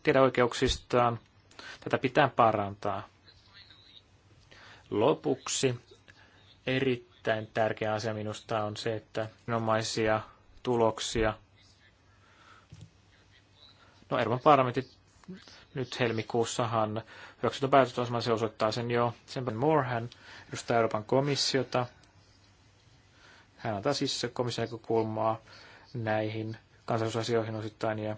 tiedä, oikeuksistaan. Tätä pitää parantaa. Lopuksi erittäin tärkeä asia minusta on se, että nomaisia tuloksia. No Euroopan parlamentti nyt helmikuussahan hyväksytön päätöstä se osoittaa sen jo. Sen Moore, hän edustaa Euroopan komissiota. Hän antaa siis komission näihin kansallisuusasioihin osittain ja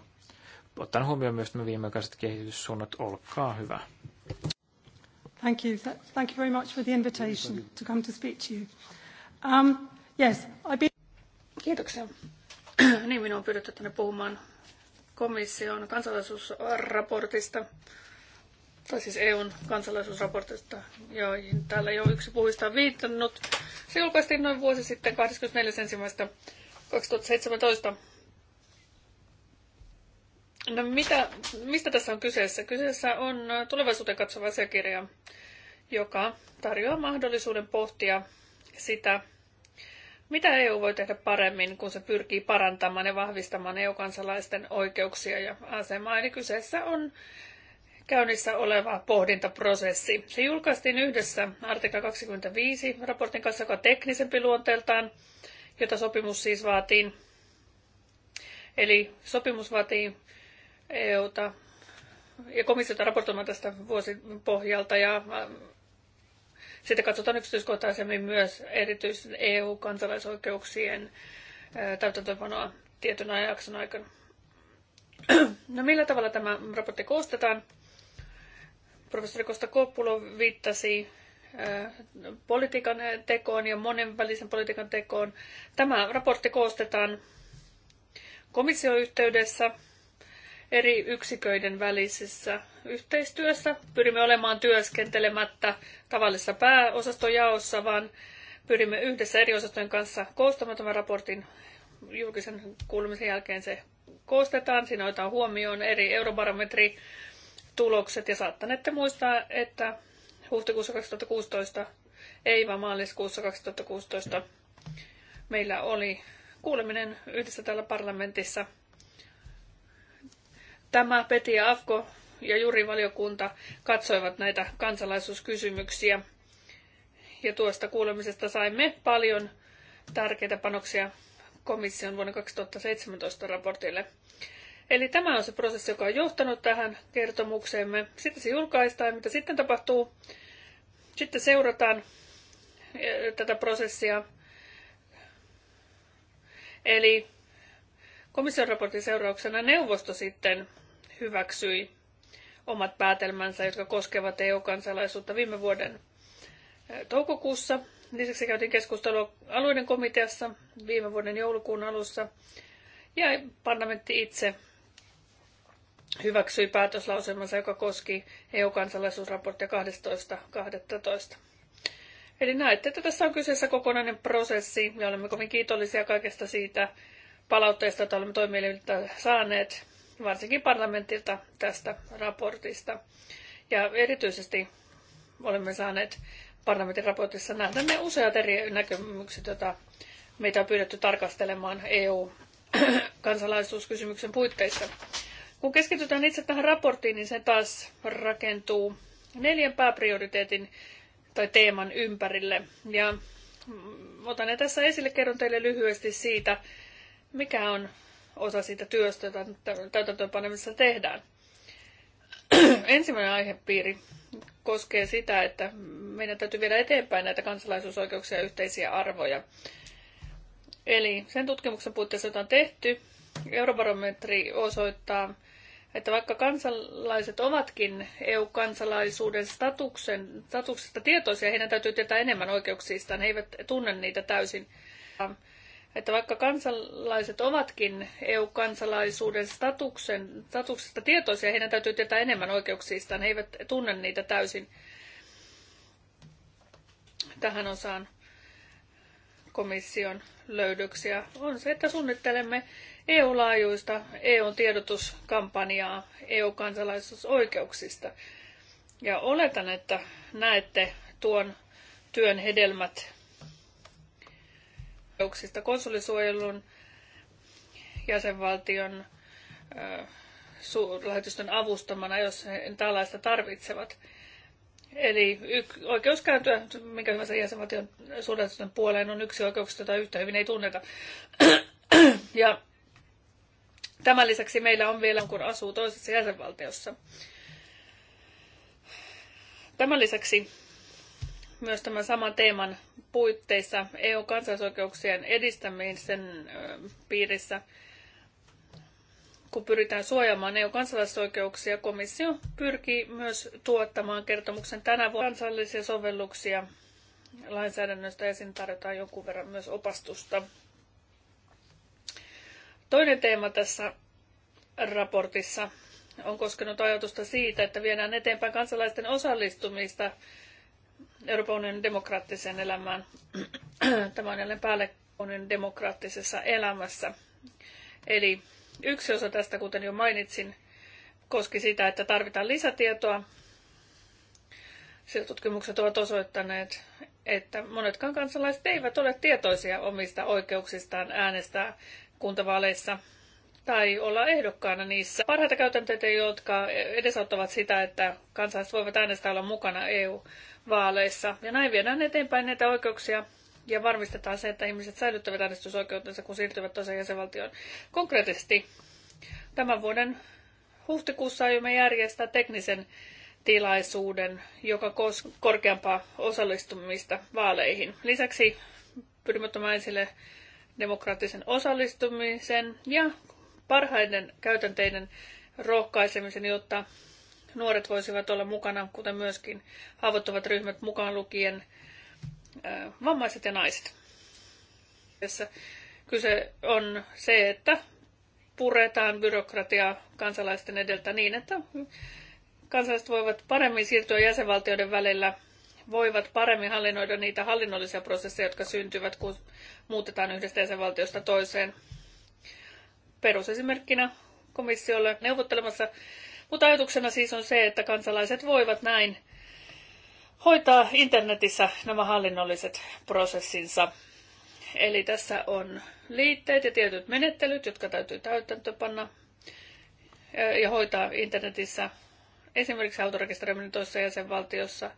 ottaen huomioon myös nämä viimeaikaiset kehityssuunnat. Olkaa hyvä. Thank you. Thank you very much for the invitation to come to speak to you. Um, yes, I've been... Kiitoksia. niin, minua on pyydetty tänne puhumaan komission kansalaisuusraportista, tai siis EUn kansalaisuusraportista, joihin täällä jo yksi puhuista on viitannut. Se julkaistiin noin vuosi sitten 24.1.2017 No mitä, mistä tässä on kyseessä? Kyseessä on tulevaisuuteen katsova asiakirja, joka tarjoaa mahdollisuuden pohtia sitä, mitä EU voi tehdä paremmin, kun se pyrkii parantamaan ja vahvistamaan EU-kansalaisten oikeuksia ja asemaa. Eli kyseessä on käynnissä oleva pohdintaprosessi. Se julkaistiin yhdessä artikla 25 raportin kanssa, joka on teknisempi luonteeltaan, jota sopimus siis vaatii. Eli sopimus vaatii EUta ja komissiota raportoimaan tästä vuosipohjalta ja äh, sitten katsotaan yksityiskohtaisemmin myös erityisesti EU-kansalaisoikeuksien äh, täytäntöönpanoa tietyn ajan aikana. No millä tavalla tämä raportti koostetaan? Professori Kosta Koppulo viittasi äh, politiikan tekoon ja monenvälisen politiikan tekoon. Tämä raportti koostetaan komission yhteydessä – eri yksiköiden välisessä yhteistyössä. Pyrimme olemaan työskentelemättä tavallisessa pääosastojaossa, vaan pyrimme yhdessä eri osastojen kanssa koostamaan tämän raportin. Julkisen kuulemisen jälkeen se koostetaan. Siinä otetaan huomioon eri eurobarometritulokset ja saattanette muistaa, että huhtikuussa 2016, ei vaan maaliskuussa 2016, meillä oli kuuleminen yhdessä täällä parlamentissa – Tämä Peti ja Afko ja jurivaliokunta katsoivat näitä kansalaisuuskysymyksiä. Ja tuosta kuulemisesta saimme paljon tärkeitä panoksia komission vuonna 2017 raportille. Eli tämä on se prosessi, joka on johtanut tähän kertomukseemme. Sitten se julkaistaan, mitä sitten tapahtuu. Sitten seurataan eh, tätä prosessia. Eli komission raportin seurauksena neuvosto sitten hyväksyi omat päätelmänsä, jotka koskevat EU-kansalaisuutta viime vuoden toukokuussa. Lisäksi käytiin keskustelua alueiden komiteassa viime vuoden joulukuun alussa ja parlamentti itse hyväksyi päätöslauselmansa, joka koski EU-kansalaisuusraporttia 12.12. Eli näette, että tässä on kyseessä kokonainen prosessi ja olemme kovin kiitollisia kaikesta siitä palautteesta, jota olemme toimielimiltä saaneet varsinkin parlamentilta tästä raportista. Ja erityisesti olemme saaneet parlamentin raportissa nähdä ne useat eri näkemykset, joita meitä on pyydetty tarkastelemaan EU-kansalaisuuskysymyksen puitteissa. Kun keskitytään itse tähän raporttiin, niin se taas rakentuu neljän pääprioriteetin tai teeman ympärille. Ja otan ne tässä esille, kerron teille lyhyesti siitä, mikä on osa siitä työstä, jota täytäntöönpanemissa tehdään. Ensimmäinen aihepiiri koskee sitä, että meidän täytyy viedä eteenpäin näitä kansalaisuusoikeuksia ja yhteisiä arvoja. Eli sen tutkimuksen puitteissa, jota on tehty, eurobarometri osoittaa, että vaikka kansalaiset ovatkin EU-kansalaisuuden statuksen, statuksesta tietoisia, heidän täytyy tietää enemmän oikeuksistaan. He eivät tunne niitä täysin että vaikka kansalaiset ovatkin EU-kansalaisuuden statuksen, statuksesta tietoisia, heidän täytyy tietää enemmän oikeuksistaan. He eivät tunne niitä täysin tähän osaan komission löydöksiä on se, että suunnittelemme EU-laajuista EU-tiedotuskampanjaa EU-kansalaisuusoikeuksista. Ja oletan, että näette tuon työn hedelmät oikeuksista konsulisuojelun jäsenvaltion lähetystön avustamana, jos he tällaista tarvitsevat. Eli y- oikeus kääntyä minkä hyvänsä jäsenvaltion suurlähetystön puoleen on yksi oikeus jota yhtä hyvin ei tunneta. ja tämän lisäksi meillä on vielä, kun asuu toisessa jäsenvaltiossa. Tämän lisäksi myös tämän saman teeman puitteissa EU-kansalaisoikeuksien edistämisen piirissä, kun pyritään suojaamaan EU-kansalaisoikeuksia, komissio pyrkii myös tuottamaan kertomuksen tänä vuonna kansallisia sovelluksia lainsäädännöstä ja siinä tarjotaan jonkun verran myös opastusta. Toinen teema tässä raportissa on koskenut ajatusta siitä, että viedään eteenpäin kansalaisten osallistumista Euroopan unionin demokraattiseen elämään. Tämä on jälleen päälle unionin demokraattisessa elämässä. Eli yksi osa tästä, kuten jo mainitsin, koski sitä, että tarvitaan lisätietoa. Sillä tutkimukset ovat osoittaneet, että monetkaan kansalaiset eivät ole tietoisia omista oikeuksistaan äänestää kuntavaaleissa – tai olla ehdokkaana niissä. Parhaita käytänteitä, jotka edesauttavat sitä, että kansalaiset voivat äänestää olla mukana EU-vaaleissa. Ja näin viedään eteenpäin näitä oikeuksia ja varmistetaan se, että ihmiset säilyttävät äänestysoikeutensa, kun siirtyvät toiseen jäsenvaltioon. Konkreettisesti tämän vuoden huhtikuussa aiomme järjestää teknisen tilaisuuden, joka koskee korkeampaa osallistumista vaaleihin. Lisäksi pyrimme ottamaan esille demokraattisen osallistumisen ja parhaiden käytänteiden rohkaisemisen, jotta nuoret voisivat olla mukana, kuten myöskin haavoittuvat ryhmät mukaan lukien vammaiset ja naiset. Tässä Kyse on se, että puretaan byrokratiaa kansalaisten edeltä niin, että kansalaiset voivat paremmin siirtyä jäsenvaltioiden välillä, voivat paremmin hallinnoida niitä hallinnollisia prosesseja, jotka syntyvät, kun muutetaan yhdestä jäsenvaltiosta toiseen perusesimerkkinä komissiolle neuvottelemassa. Mutta ajatuksena siis on se, että kansalaiset voivat näin hoitaa internetissä nämä hallinnolliset prosessinsa. Eli tässä on liitteet ja tietyt menettelyt, jotka täytyy täytäntöpanna ja hoitaa internetissä esimerkiksi autorekisteröiminen toisessa jäsenvaltiossa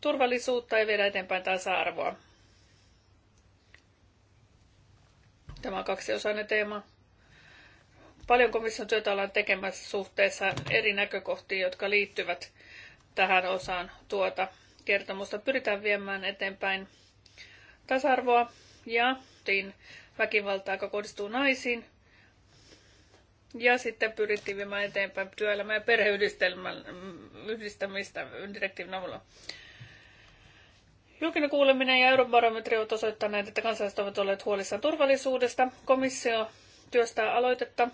turvallisuutta ja viedä eteenpäin tasa-arvoa. Tämä on kaksiosainen teema paljon komission työtä ollaan tekemässä suhteessa eri näkökohtiin, jotka liittyvät tähän osaan tuota kertomusta. Pyritään viemään eteenpäin tasa-arvoa ja väkivaltaa, joka kohdistuu naisiin. Ja sitten pyrittiin viemään eteenpäin työelämä- ja perheyhdistelmän yhdistämistä direktiivin avulla. Julkinen kuuleminen ja eurobarometri ovat osoittaneet, että kansalaiset ovat olleet huolissaan turvallisuudesta. Komissio työstää aloitetta,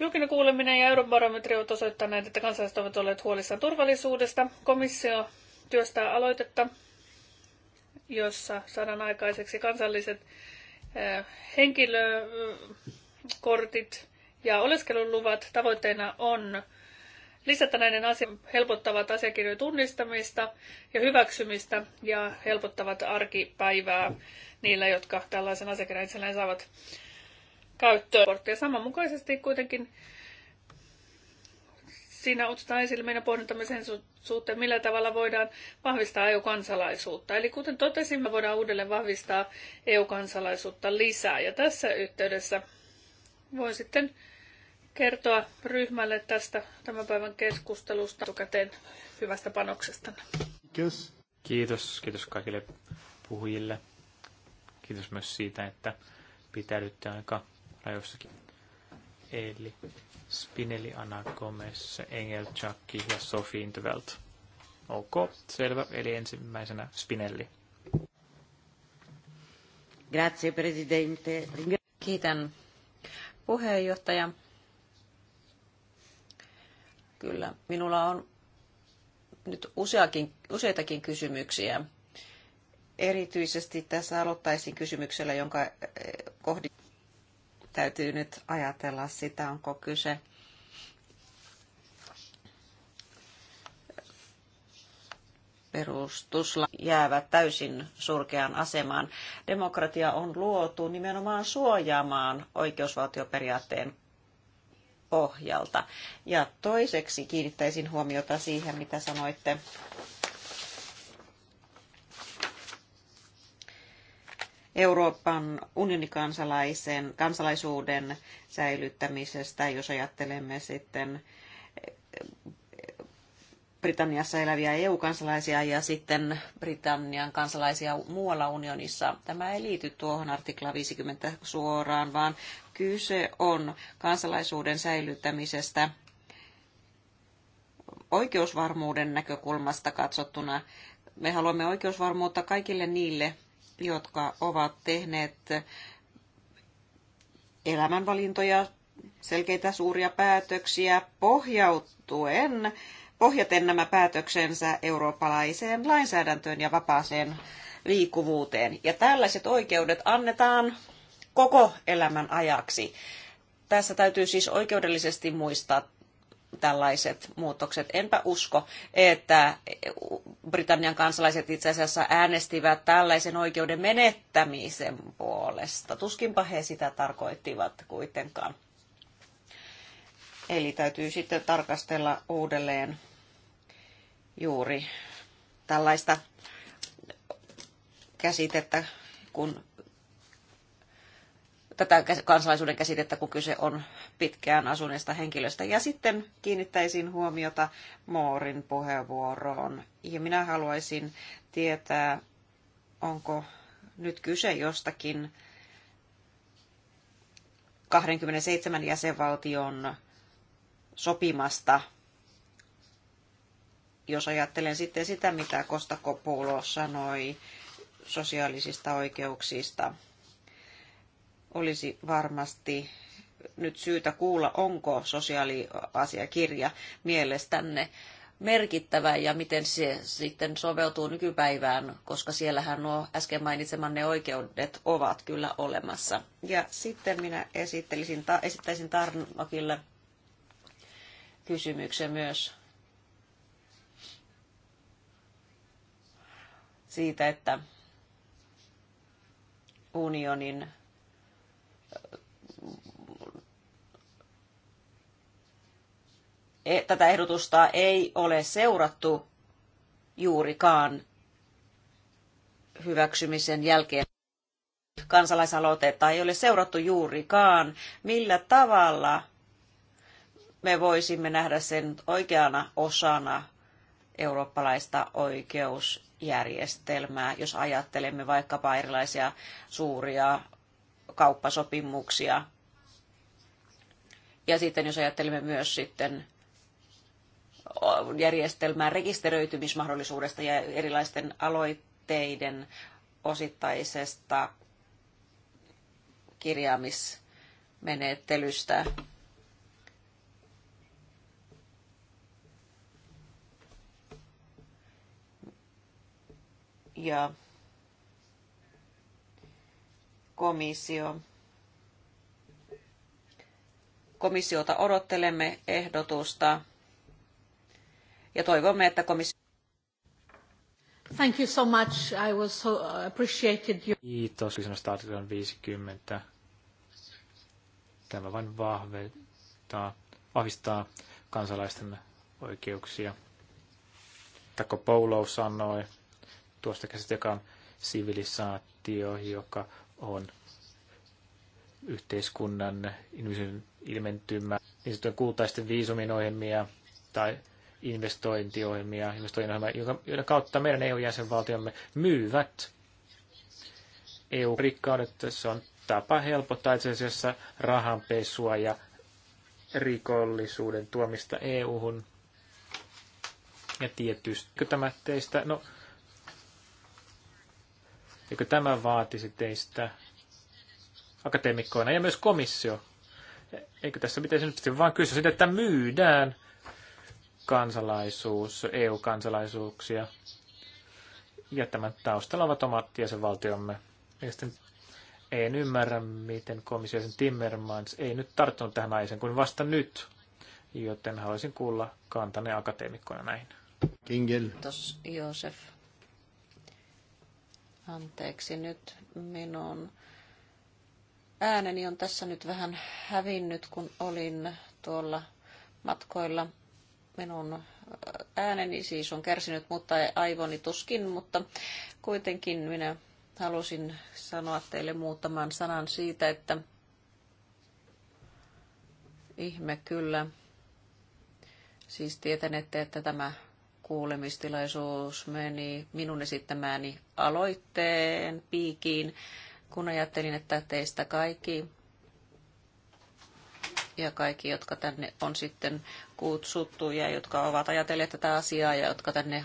Julkinen kuuleminen ja eurobarometri ovat osoittaneet, että kansalaiset ovat olleet huolissaan turvallisuudesta. Komissio työstää aloitetta, jossa saadaan aikaiseksi kansalliset eh, henkilökortit ja oleskeluluvat. Tavoitteena on lisätä näiden asian helpottavat asiakirjojen tunnistamista ja hyväksymistä ja helpottavat arkipäivää niillä, jotka tällaisen asiakirjan itselleen saavat käyttöön. Porttia samanmukaisesti kuitenkin siinä otetaan esille meidän pohdintamisen sen suhteen, millä tavalla voidaan vahvistaa EU-kansalaisuutta. Eli kuten totesin, me voidaan uudelleen vahvistaa EU-kansalaisuutta lisää. Ja tässä yhteydessä voin sitten kertoa ryhmälle tästä tämän päivän keskustelusta etukäteen hyvästä panoksesta. Kiitos. Kiitos, kiitos kaikille puhujille. Kiitos myös siitä, että pitäydytte aika rajoissakin. Eli Spinelli, Anna Gomez, Engel, Chucky ja Sophie Intervelt. Ok, selvä. Eli ensimmäisenä Spinelli. Grazie, presidente. Kiitän puheenjohtaja. Kyllä, minulla on nyt useakin, useitakin kysymyksiä. Erityisesti tässä aloittaisin kysymyksellä, jonka eh, kohdin täytyy nyt ajatella sitä, onko kyse perustusla jäävät täysin surkeaan asemaan. Demokratia on luotu nimenomaan suojaamaan oikeusvaltioperiaatteen pohjalta. Ja toiseksi kiinnittäisin huomiota siihen, mitä sanoitte Euroopan unionikansalaisen kansalaisuuden säilyttämisestä, jos ajattelemme sitten eh, Britanniassa eläviä EU-kansalaisia ja sitten Britannian kansalaisia muualla unionissa. Tämä ei liity tuohon artikla 50 suoraan, vaan kyse on kansalaisuuden säilyttämisestä oikeusvarmuuden näkökulmasta katsottuna. Me haluamme oikeusvarmuutta kaikille niille jotka ovat tehneet elämänvalintoja, selkeitä suuria päätöksiä pohjautuen, pohjaten nämä päätöksensä eurooppalaiseen lainsäädäntöön ja vapaaseen liikkuvuuteen. Ja tällaiset oikeudet annetaan koko elämän ajaksi. Tässä täytyy siis oikeudellisesti muistaa tällaiset muutokset. Enpä usko, että Britannian kansalaiset itse asiassa äänestivät tällaisen oikeuden menettämisen puolesta. Tuskinpa he sitä tarkoittivat kuitenkaan. Eli täytyy sitten tarkastella uudelleen juuri tällaista käsitettä, kun tätä kansalaisuuden käsitettä, kun kyse on pitkään asuneesta henkilöstä. Ja sitten kiinnittäisin huomiota Moorin puheenvuoroon. Ja minä haluaisin tietää, onko nyt kyse jostakin 27 jäsenvaltion sopimasta, jos ajattelen sitten sitä, mitä Kostakopulo sanoi sosiaalisista oikeuksista olisi varmasti nyt syytä kuulla, onko sosiaaliasiakirja mielestänne merkittävä ja miten se sitten soveltuu nykypäivään, koska siellähän nuo äsken mainitsemanne oikeudet ovat kyllä olemassa. Ja sitten minä esittelisin, ta, esittäisin Tarnokille kysymyksen myös siitä, että unionin E, tätä ehdotusta ei ole seurattu juurikaan hyväksymisen jälkeen. Kansalaisaloitetta ei ole seurattu juurikaan, millä tavalla me voisimme nähdä sen oikeana osana eurooppalaista oikeusjärjestelmää, jos ajattelemme vaikkapa erilaisia suuria kauppasopimuksia. Ja sitten jos ajattelemme myös sitten järjestelmää rekisteröitymismahdollisuudesta ja erilaisten aloitteiden osittaisesta kirjaamismenettelystä. Ja komissio. Komissiota odottelemme ehdotusta ja toivomme, että komissio Thank you so much. I was so appreciated you. Kiitos. Kysymys 50. Tämä vain vahvistaa, vahvistaa kansalaisten oikeuksia. Tako Poulou sanoi tuosta käsite, joka on sivilisaatio, joka on yhteiskunnan ilmentymä, niin sitten kultaisten viisumin ohjelmia tai investointiohjelmia, investointiohjelmia, joiden kautta meidän EU-jäsenvaltiomme myyvät EU-rikkaudet. Se on tapa helpottaa itse asiassa rahanpesua ja rikollisuuden tuomista EU-hun. Ja tietysti, tämä teistä, no Eikö tämä vaatisi teistä akateemikkoina ja myös komissio? Eikö tässä pitäisi nyt vaan kysyä sitä, että myydään kansalaisuus, EU-kansalaisuuksia ja tämän taustalla ovat omat jäsenvaltiomme. sitten en ymmärrä, miten komissiosen Timmermans ei nyt tarttunut tähän aiheeseen kuin vasta nyt, joten haluaisin kuulla kantane akateemikkoina näin. Kingel. Kiitos, Anteeksi nyt minun ääneni on tässä nyt vähän hävinnyt, kun olin tuolla matkoilla. Minun ääneni siis on kärsinyt, mutta aivoni tuskin, mutta kuitenkin minä halusin sanoa teille muutaman sanan siitä, että ihme kyllä. Siis tietänette, että tämä kuulemistilaisuus meni minun esittämääni aloitteen piikiin, kun ajattelin, että teistä kaikki ja kaikki, jotka tänne on sitten kutsuttu ja jotka ovat ajatelleet tätä asiaa ja jotka, tänne,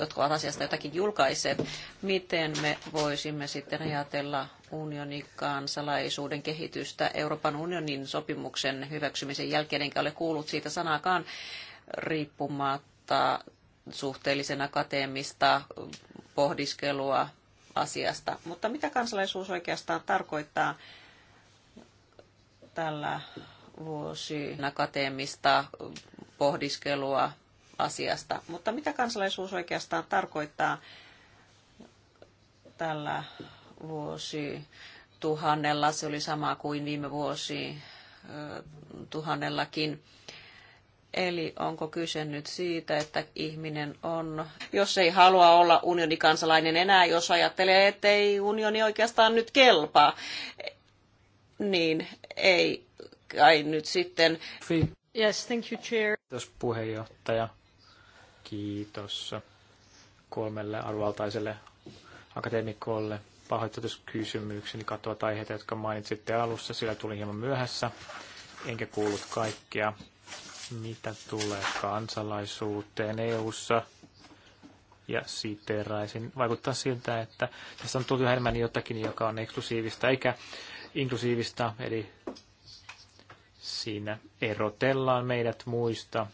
jotka ovat asiasta jotakin julkaiseet, miten me voisimme sitten ajatella unionin kansalaisuuden kehitystä Euroopan unionin sopimuksen hyväksymisen jälkeen, enkä ole kuullut siitä sanaakaan riippumatta suhteellisen akateemista pohdiskelua asiasta. Mutta mitä kansalaisuus oikeastaan tarkoittaa tällä vuosi akateemista pohdiskelua asiasta. Mutta mitä kansalaisuus oikeastaan tarkoittaa tällä vuosi tuhannella? Se oli sama kuin viime vuosi tuhannellakin. Eli onko kyse nyt siitä, että ihminen on, jos ei halua olla unionikansalainen enää, jos ajattelee, että ei unioni oikeastaan nyt kelpaa, niin ei kai nyt sitten. Yes, thank you, chair. Kiitos puheenjohtaja. Kiitos kolmelle arvaltaiselle akateemikolle pahoitteluskysymykseni kattavat aiheet, jotka mainitsitte alussa, sillä tuli hieman myöhässä, enkä kuullut kaikkea mitä tulee kansalaisuuteen EU-ssa. Ja siteraisin. Vaikuttaa siltä, että tässä on tullut yhä enemmän jotakin, joka on eksklusiivista eikä inklusiivista, eli siinä erotellaan meidät muista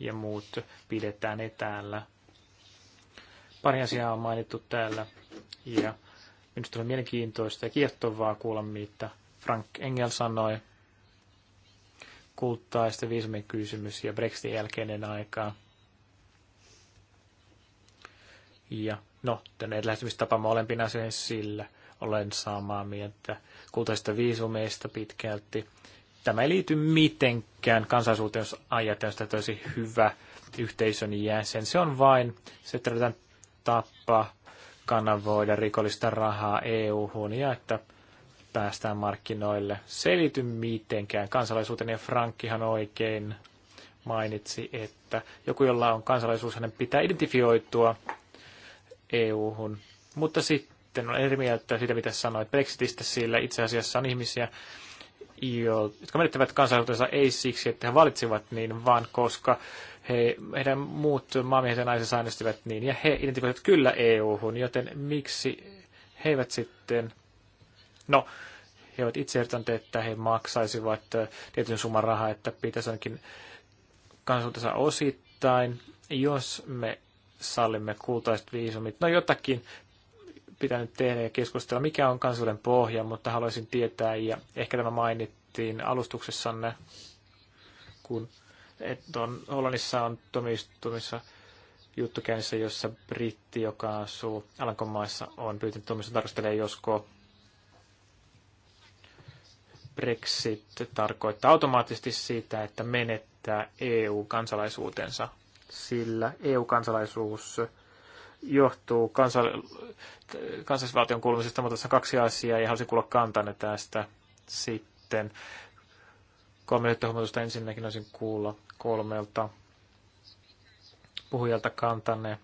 ja muut pidetään etäällä. Pari asiaa on mainittu täällä ja minusta on mielenkiintoista ja kiehtovaa kuulla, mitä Frank Engel sanoi kulttaa ja sitten kysymys ja Brexitin jälkeinen aika. Ja no, tänne lähestymistapa molempina sen sillä olen samaa mieltä kultaisista viisumeista pitkälti. Tämä ei liity mitenkään kansallisuuteen, jos ajatellaan sitä tosi hyvä yhteisön jäsen. Se on vain, se että tapa kanavoida rikollista rahaa EU-hun ja että päästään markkinoille selity mitenkään kansalaisuuteen. Ja Frankkihan oikein mainitsi, että joku, jolla on kansalaisuus, hänen pitää identifioitua EU-hun. Mutta sitten on eri mieltä siitä, mitä sanoit Brexitistä, sillä itse asiassa on ihmisiä, jotka menettävät kansalaisuutensa ei siksi, että he valitsivat niin, vaan koska he, heidän muut maamiehet ja naiset äänestivät niin, ja he identifioivat kyllä EU-hun, joten miksi he eivät sitten No, he ovat itse ehdottaneet, että he maksaisivat tietyn summan rahaa, että pitäisi ainakin kansallisuutensa osittain, jos me sallimme kultaiset viisumit. No jotakin pitää nyt tehdä ja keskustella, mikä on kansuuden pohja, mutta haluaisin tietää, ja ehkä tämä mainittiin alustuksessanne, kun että on, Hollannissa on tuomioistuimissa juttu käynnissä, jossa britti, joka asuu Alankomaissa, on pyytänyt tuomioistuin tarkastelemaan, josko Brexit tarkoittaa automaattisesti sitä, että menettää EU-kansalaisuutensa, sillä EU-kansalaisuus johtuu kansal- kansallisvaltion kuulumisesta, mutta tässä on kaksi asiaa ja haluaisin kuulla kantanne tästä sitten. Kolme minuuttia huomautusta ensinnäkin olisin kuulla kolmelta puhujalta kantanne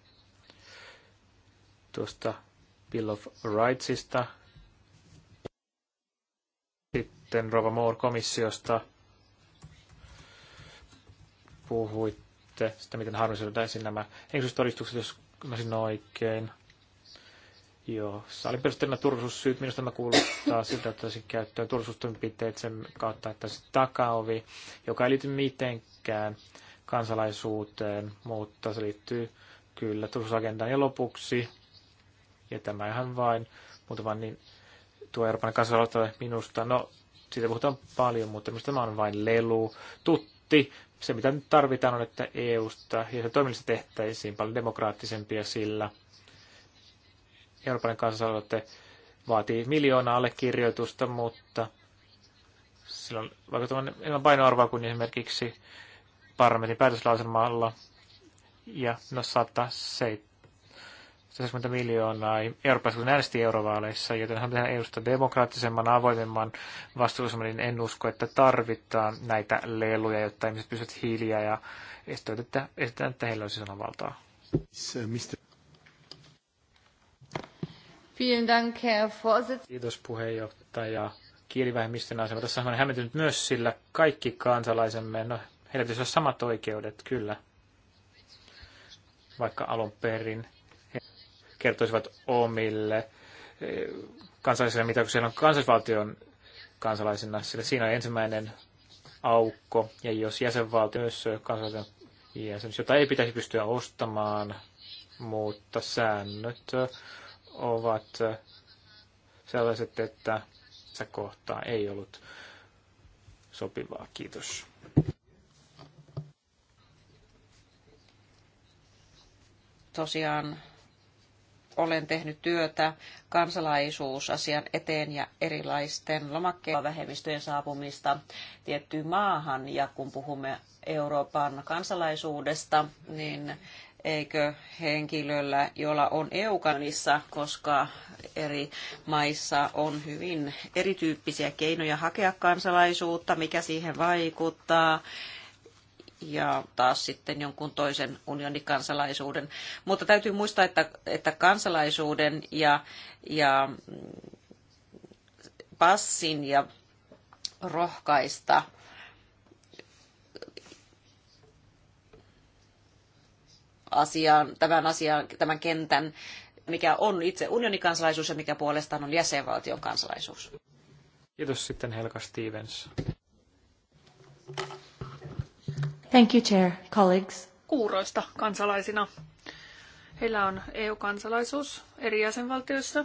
tuosta Bill of Rightsista, sitten Rova Moore komissiosta puhuitte sitä, miten harmonisoitaisiin nämä henkilöllisyystodistukset, jos mä sinun oikein. Joo, salin perusteella turvallisuussyyt, minusta tämä kuuluttaa siltä, että olisin käyttöön turvallisuustoimenpiteet sen kautta, että se takaovi, joka ei liity mitenkään kansalaisuuteen, mutta se liittyy kyllä turvallisuusagendaan ja lopuksi, ja tämä ihan vain, mutta vaan niin tuo Euroopan kansalaisuutta minusta, no siitä puhutaan paljon, mutta minusta tämä on vain lelu, tutti. Se, mitä nyt tarvitaan, on, että EUsta ja se toiminnasta tehtäisiin paljon demokraattisempia sillä. Euroopan kansalaisaloite vaatii miljoonaa allekirjoitusta, mutta sillä on vaikuttavan enemmän painoarvoa kuin esimerkiksi parlamentin päätöslauselmalla. Ja no 107 170 miljoonaa Euroopassa, kun äänesti eurovaaleissa, joten hän tehdään EUsta demokraattisemman, avoimemman, vastuullisemman, niin en usko, että tarvitaan näitä leluja, jotta ihmiset pysyvät hiljaa ja estetään, että, estetään, että heillä olisi sananvaltaa. Kiitos puheenjohtaja. Kielivähemmistön asema. Tässä on hämmentynyt myös sillä kaikki kansalaisemme, no heillä pitäisi olla samat oikeudet, kyllä. Vaikka alun perin kertoisivat omille eh, kansalaisille, mitä kun siellä on kansallisvaltion kansalaisena, sillä siinä on ensimmäinen aukko, ja jos jäsenvaltio myös kansallisen jäsen, jota ei pitäisi pystyä ostamaan, mutta säännöt ovat sellaiset, että se kohtaa ei ollut sopivaa. Kiitos. Tosiaan olen tehnyt työtä kansalaisuusasian eteen ja erilaisten lomakkeen vähemmistöjen saapumista tiettyyn maahan. Ja kun puhumme Euroopan kansalaisuudesta, niin eikö henkilöllä, jolla on eu EU-kanissa, koska eri maissa on hyvin erityyppisiä keinoja hakea kansalaisuutta, mikä siihen vaikuttaa ja taas sitten jonkun toisen unionikansalaisuuden, Mutta täytyy muistaa, että, että kansalaisuuden ja, ja passin ja rohkaista asiaan, tämän asian, tämän kentän, mikä on itse unionikansalaisuus ja mikä puolestaan on jäsenvaltion kansalaisuus. Kiitos sitten Helka Stevens. Thank you, Chair. Colleagues. Kuuroista kansalaisina. Heillä on EU-kansalaisuus eri jäsenvaltioissa,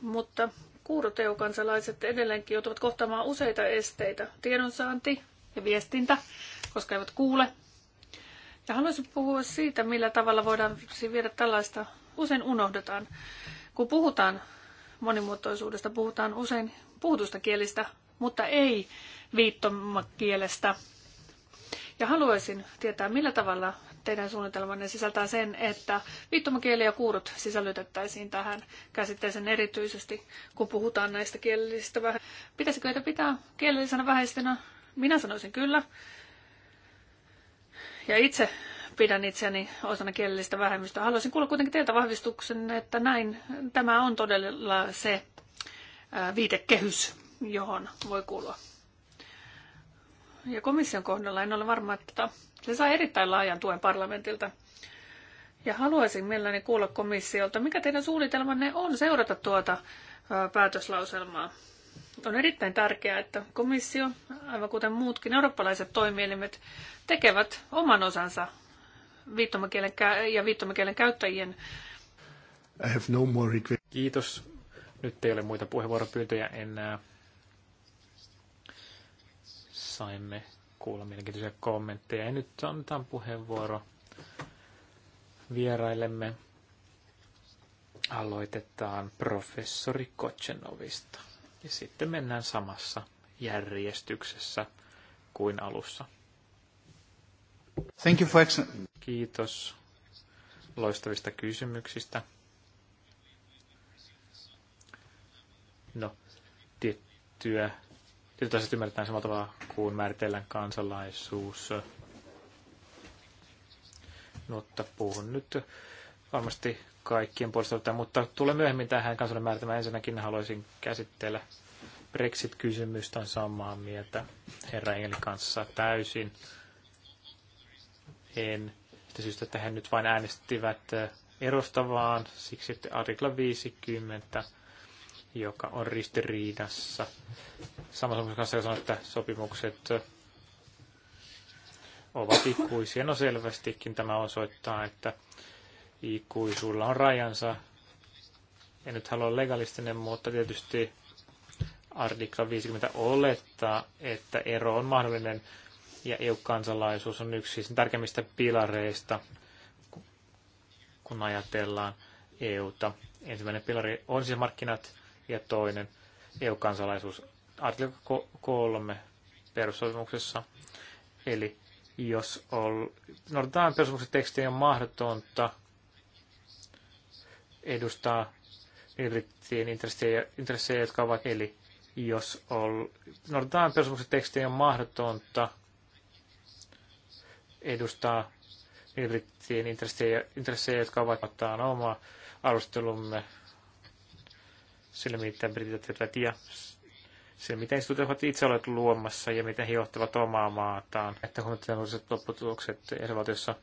mutta kuurot EU-kansalaiset edelleenkin joutuvat kohtaamaan useita esteitä. Tiedonsaanti ja viestintä, koska eivät kuule. Ja haluaisin puhua siitä, millä tavalla voidaan siis viedä tällaista. Usein unohdetaan. Kun puhutaan monimuotoisuudesta, puhutaan usein puhutusta kielistä, mutta ei viittomakielestä. Ja haluaisin tietää, millä tavalla teidän suunnitelmanne sisältää sen, että viittomakieli ja kuurot sisällytettäisiin tähän käsitteeseen erityisesti, kun puhutaan näistä kielellisistä vähän. Pitäisikö heitä pitää kielellisenä vähäisenä? Minä sanoisin kyllä. Ja itse pidän itseäni osana kielellistä vähemmistöä. Haluaisin kuulla kuitenkin teiltä vahvistuksen, että näin tämä on todella se viitekehys, johon voi kuulua ja komission kohdalla en ole varma, että tota, se saa erittäin laajan tuen parlamentilta. Ja haluaisin mielelläni kuulla komissiolta, mikä teidän suunnitelmanne on seurata tuota päätöslauselmaa. On erittäin tärkeää, että komissio, aivan kuten muutkin eurooppalaiset toimielimet, tekevät oman osansa viittomakielen ja viittomakielen käyttäjien. I have no more Kiitos. Nyt ei ole muita puheenvuoropyyntöjä enää saimme kuulla mielenkiintoisia kommentteja. Ja nyt annetaan puheenvuoro vieraillemme. Aloitetaan professori Kotchenovista. Ja sitten mennään samassa järjestyksessä kuin alussa. Thank you for Kiitos loistavista kysymyksistä. No, tiettyä Tietyt ymmärretään samalla tavalla kuin määritellään kansalaisuus. Mutta no, puhun nyt varmasti kaikkien puolesta, mutta tulee myöhemmin tähän kansalle määritelmään. Ensinnäkin haluaisin käsitellä Brexit-kysymystä on samaa mieltä herra Engelin kanssa täysin. En sitä syystä, että he nyt vain äänestivät erosta vaan siksi, että artikla 50 joka on ristiriidassa. Samassa sopimuksen kanssa sanoa, että sopimukset ovat ikuisia. No selvästikin tämä osoittaa, että ikuisuudella on rajansa. En nyt halua legalistinen, mutta tietysti artikla 50 olettaa, että ero on mahdollinen ja EU-kansalaisuus on yksi sen tärkeimmistä pilareista, kun ajatellaan EUta. Ensimmäinen pilari on siis markkinat, ja toinen EU-kansalaisuus artikla 3 perussopimuksessa. Eli jos on, noudatetaan perussopimuksen teksti on mahdotonta edustaa yrittäjien intressejä, jotka ovat, eli jos on, noudatetaan perussopimuksen teksti on mahdotonta edustaa yrittäjien intressejä jotka ovat ottaa omaa arvostelumme sillä, mitä britit tekevät ja sillä, mitä instituutiot ovat itse olleet luomassa ja miten he johtavat omaa maataan. Että on sellaiset lopputulokset jäsenvaltiossa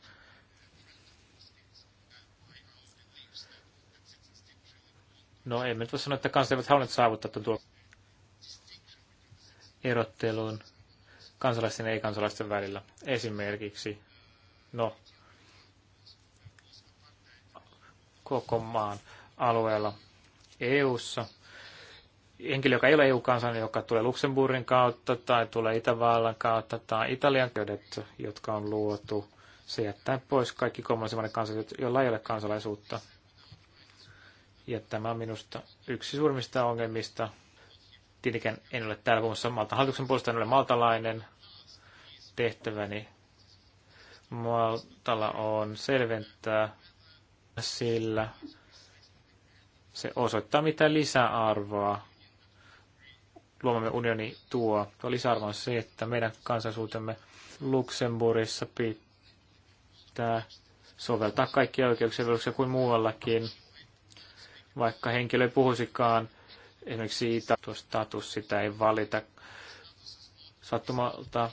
No emme nyt voi sanoa, että kansa eivät halunneet saavuttaa tuon erottelun kansalaisten ja ei-kansalaisten välillä. Esimerkiksi, no, koko maan alueella EU-ssa, henkilö, joka ei ole EU-kansalainen, joka tulee Luxemburgin kautta tai tulee Itävallan kautta tai Italian köydet, jotka on luotu, se jättää pois kaikki kolmansien kansalaiset, joilla ei ole kansalaisuutta. Ja tämä on minusta yksi suurimmista ongelmista. Tietenkään en ole täällä puhumassa Malta, hallituksen puolesta, en ole maltalainen. Tehtäväni Maltalla on selventää sillä, se osoittaa, mitä lisäarvoa luomamme unioni tuo. Tuo lisäarvo on se, että meidän kansallisuutemme Luxemburgissa pitää soveltaa kaikkia oikeuksia ja kuin muuallakin, vaikka henkilö ei puhuisikaan esimerkiksi siitä, tuo status, sitä ei valita sattumalta,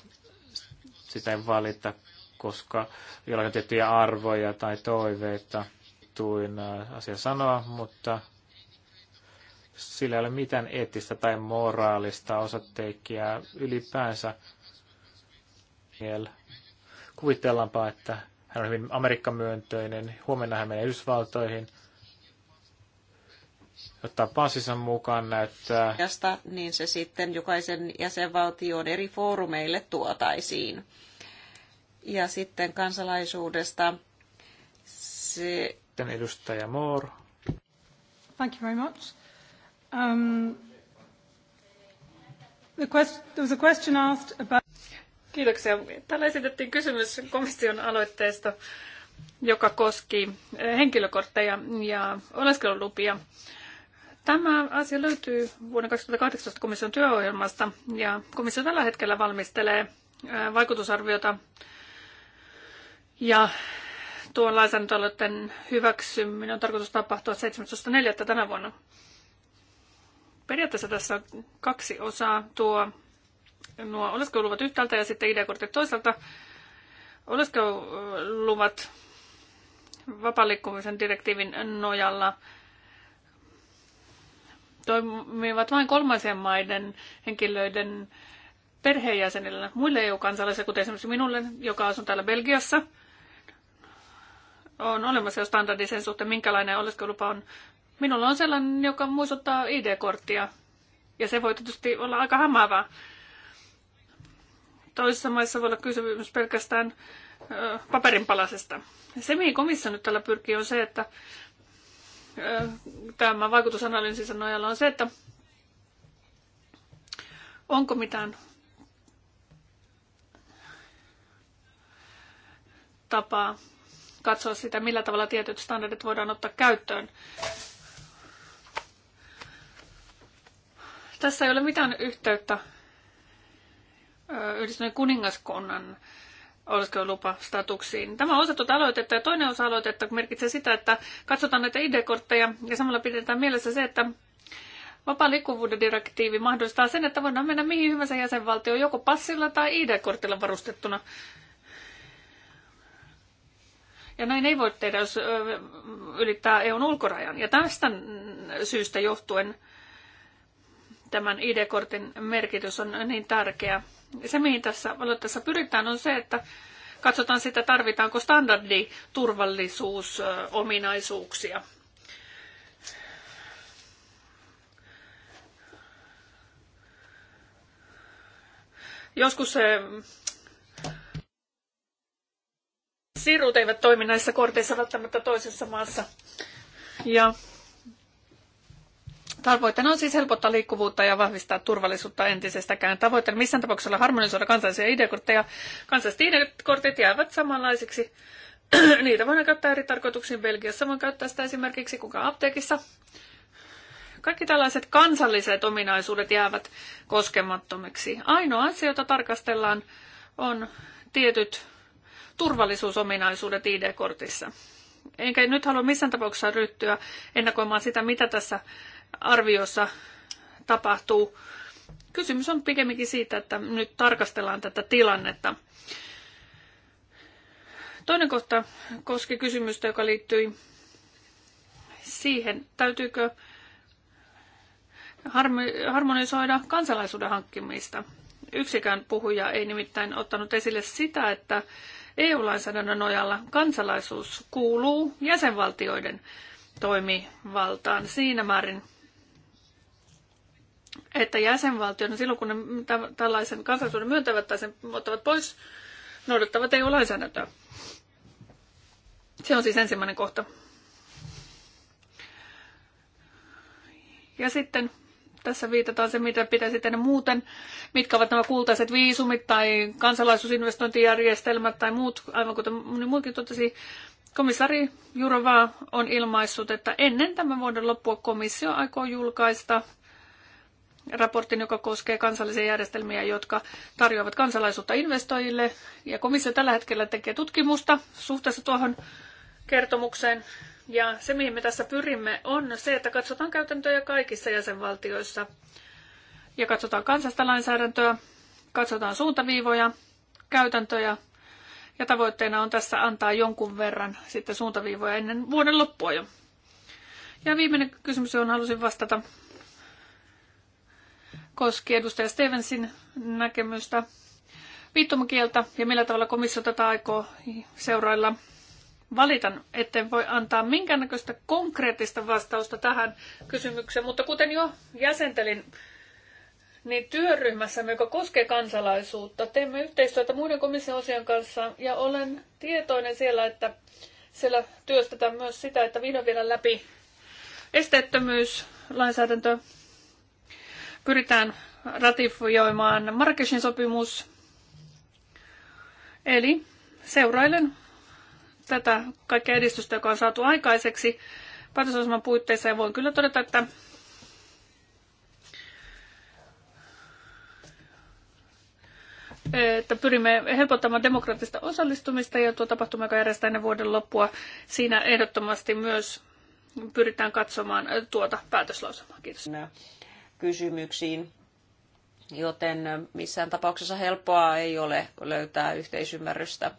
sitä ei valita, koska jollain on tiettyjä arvoja tai toiveita – tuin äh, asia sanoa, mutta sillä ei ole mitään eettistä tai moraalista osatteikkiä ylipäänsä. Kuvitellaanpa, että hän on hyvin amerikkamyöntöinen. Huomenna hän menee Yhdysvaltoihin, ottaa passinsa mukaan näyttää. Jasta, niin se sitten jokaisen jäsenvaltion eri foorumeille tuotaisiin. Ja sitten kansalaisuudesta se sitten edustaja Moore. Thank you very much. Um, the quest, there was a question asked about... Kiitoksia. Täällä esitettiin kysymys komission aloitteesta, joka koski eh, henkilökortteja ja oleskelulupia. Tämä asia löytyy vuoden 2018 komission työohjelmasta ja komissio tällä hetkellä valmistelee eh, vaikutusarviota ja Tuon lainsäädäntöaloitteen hyväksyminen on tarkoitus tapahtua 17.4. tänä vuonna. Periaatteessa tässä on kaksi osaa. Tuo, nuo oleskeluluvat yhtäältä ja sitten ID-kortit toisaalta. Oleskeluluvat vapaaliikkumisen direktiivin nojalla toimivat vain kolmansien maiden henkilöiden perheenjäsenillä, muille EU-kansalaisille, kuten esimerkiksi minulle, joka asun täällä Belgiassa – on olemassa jo standardi sen suhteen, minkälainen oleskelulupa on. Minulla on sellainen, joka muistuttaa ID-korttia. Ja se voi tietysti olla aika hämäävää. Toisissa maissa voi olla kysymys pelkästään ö, paperinpalasesta. Se, mihin komissio nyt tällä pyrkii, on se, että tämä vaikutusanalyysinsä nojalla on se, että onko mitään tapaa katsoa sitä, millä tavalla tietyt standardit voidaan ottaa käyttöön. Tässä ei ole mitään yhteyttä yhdistyneen kuningaskunnan oleskelulupastatuksiin. Tämä on osa aloitetta ja toinen osa aloitetta merkitsee sitä, että katsotaan näitä ID-kortteja ja samalla pidetään mielessä se, että Vapaan liikkuvuuden direktiivi mahdollistaa sen, että voidaan mennä mihin hyvänsä jäsenvaltioon joko passilla tai ID-kortilla varustettuna. Ja näin ei voi tehdä, jos ylittää EUn ulkorajan. Ja tästä syystä johtuen tämän ID-kortin merkitys on niin tärkeä. Se, mihin tässä aloitteessa pyritään, on se, että katsotaan sitä, tarvitaanko standarditurvallisuusominaisuuksia. Joskus se sirut eivät toimi näissä korteissa välttämättä toisessa maassa. Ja Tavoitteena on siis helpottaa liikkuvuutta ja vahvistaa turvallisuutta entisestäkään. Tavoitteena missään tapauksessa olla harmonisoida kansallisia ID-kortteja. Kansalliset ID-kortit jäävät samanlaisiksi. Niitä voidaan käyttää eri tarkoituksiin Belgiassa. Voin käyttää sitä esimerkiksi kuka apteekissa. Kaikki tällaiset kansalliset ominaisuudet jäävät koskemattomiksi. Ainoa asia, jota tarkastellaan, on tietyt turvallisuusominaisuudet ID-kortissa. Enkä nyt halua missään tapauksessa ryhtyä ennakoimaan sitä, mitä tässä arviossa tapahtuu. Kysymys on pikemminkin siitä, että nyt tarkastellaan tätä tilannetta. Toinen kohta koski kysymystä, joka liittyi siihen, täytyykö harmonisoida kansalaisuuden hankkimista. Yksikään puhuja ei nimittäin ottanut esille sitä, että EU-lainsäädännön nojalla kansalaisuus kuuluu jäsenvaltioiden toimivaltaan siinä määrin, että jäsenvaltiot, silloin kun ne tällaisen kansalaisuuden myöntävät tai sen ottavat pois, noudattavat EU-lainsäädäntöä. Se on siis ensimmäinen kohta. Ja sitten tässä viitataan se, mitä pitäisi tehdä muuten, mitkä ovat nämä kultaiset viisumit tai kansalaisuusinvestointijärjestelmät tai muut, aivan kuten moni muukin totesi, Komissari Jurova on ilmaissut, että ennen tämän vuoden loppua komissio aikoo julkaista raportin, joka koskee kansallisia järjestelmiä, jotka tarjoavat kansalaisuutta investoijille. Ja komissio tällä hetkellä tekee tutkimusta suhteessa tuohon kertomukseen ja se, mihin me tässä pyrimme, on se, että katsotaan käytäntöjä kaikissa jäsenvaltioissa. Ja katsotaan kansallista lainsäädäntöä, katsotaan suuntaviivoja, käytäntöjä. Ja tavoitteena on tässä antaa jonkun verran sitten suuntaviivoja ennen vuoden loppua jo. Ja viimeinen kysymys, johon halusin vastata, koski edustaja Stevensin näkemystä viittomakieltä ja millä tavalla komissio tätä aikoo seurailla. Valitan, etten voi antaa minkäännäköistä konkreettista vastausta tähän kysymykseen, mutta kuten jo jäsentelin, niin työryhmässä joka koskee kansalaisuutta, teemme yhteistyötä muiden komission osien kanssa ja olen tietoinen siellä, että siellä työstetään myös sitä, että vihdoin vielä läpi esteettömyyslainsäädäntö pyritään ratifioimaan Marrakeshin sopimus. Eli seurailen tätä kaikkea edistystä, joka on saatu aikaiseksi päätösohjelman puitteissa. Ja voin kyllä todeta, että että pyrimme helpottamaan demokraattista osallistumista ja tuo tapahtuma, joka järjestetään ennen vuoden loppua, siinä ehdottomasti myös pyritään katsomaan tuota päätöslausumaa. Kiitos. Kysymyksiin. Joten missään tapauksessa helppoa ei ole löytää yhteisymmärrystä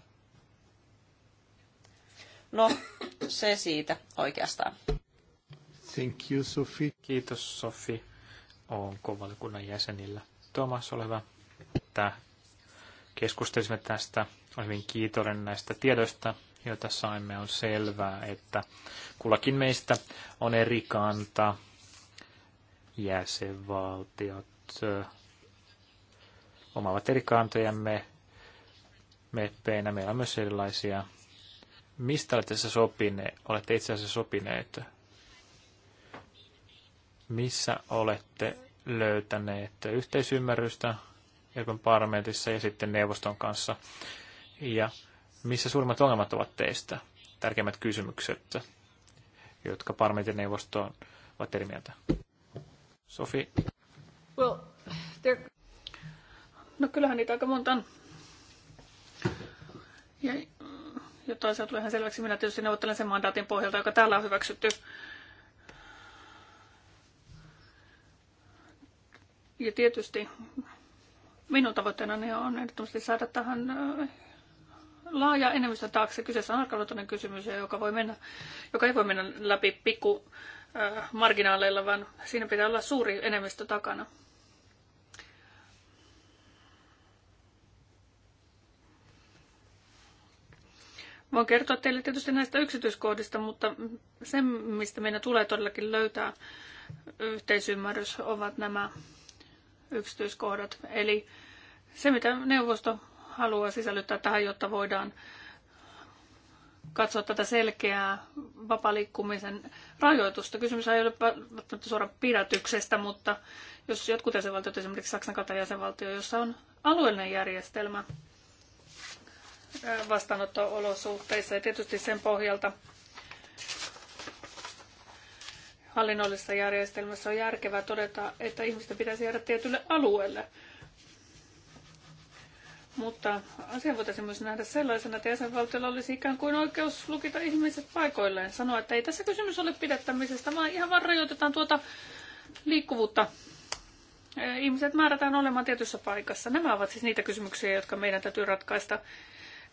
No, se siitä oikeastaan. Thank you, Sofi. Kiitos, Sofi. On valiokunnan jäsenillä? Tuomas, ole hyvä. Että keskustelisimme tästä. Olen hyvin kiitollinen näistä tiedoista, joita saimme. On selvää, että kullakin meistä on eri kanta. Jäsenvaltiot omaavat eri kantojamme meppeinä. Meillä on myös erilaisia Mistä olette se sopineet? Olette itse asiassa sopineet. Missä olette löytäneet yhteisymmärrystä Euroopan parlamentissa ja sitten neuvoston kanssa? Ja missä suurimmat ongelmat ovat teistä? Tärkeimmät kysymykset, jotka parlamentin neuvostoon ovat eri mieltä. Sofi? Well, No kyllähän niitä aika monta on jotta asia tulee ihan selväksi. Minä tietysti neuvottelen sen mandaatin pohjalta, joka täällä on hyväksytty. Ja tietysti minun tavoitteenani on ehdottomasti saada tähän äh, laaja enemmistö taakse. Kyseessä on arkaluontoinen kysymys, joka, voi mennä, joka ei voi mennä läpi pikku äh, marginaaleilla, vaan siinä pitää olla suuri enemmistö takana. Voin kertoa teille tietysti näistä yksityiskohdista, mutta se, mistä meidän tulee todellakin löytää yhteisymmärrys, ovat nämä yksityiskohdat. Eli se, mitä neuvosto haluaa sisällyttää tähän, jotta voidaan katsoa tätä selkeää vapaliikkumisen rajoitusta. Kysymys ei ole välttämättä suoraan pidätyksestä, mutta jos jotkut jäsenvaltiot, esimerkiksi Saksan kaltainen jäsenvaltio, jossa on alueellinen järjestelmä, vastaanotto-olosuhteissa ja tietysti sen pohjalta hallinnollisessa järjestelmässä on järkevää todeta, että ihmisten pitäisi jäädä tietylle alueelle. Mutta asia voitaisiin myös nähdä sellaisena, että jäsenvaltiolla olisi ikään kuin oikeus lukita ihmiset paikoilleen. Sanoa, että ei tässä kysymys ole pidettämisestä, vaan ihan vaan rajoitetaan tuota liikkuvuutta. Ihmiset määrätään olemaan tietyssä paikassa. Nämä ovat siis niitä kysymyksiä, jotka meidän täytyy ratkaista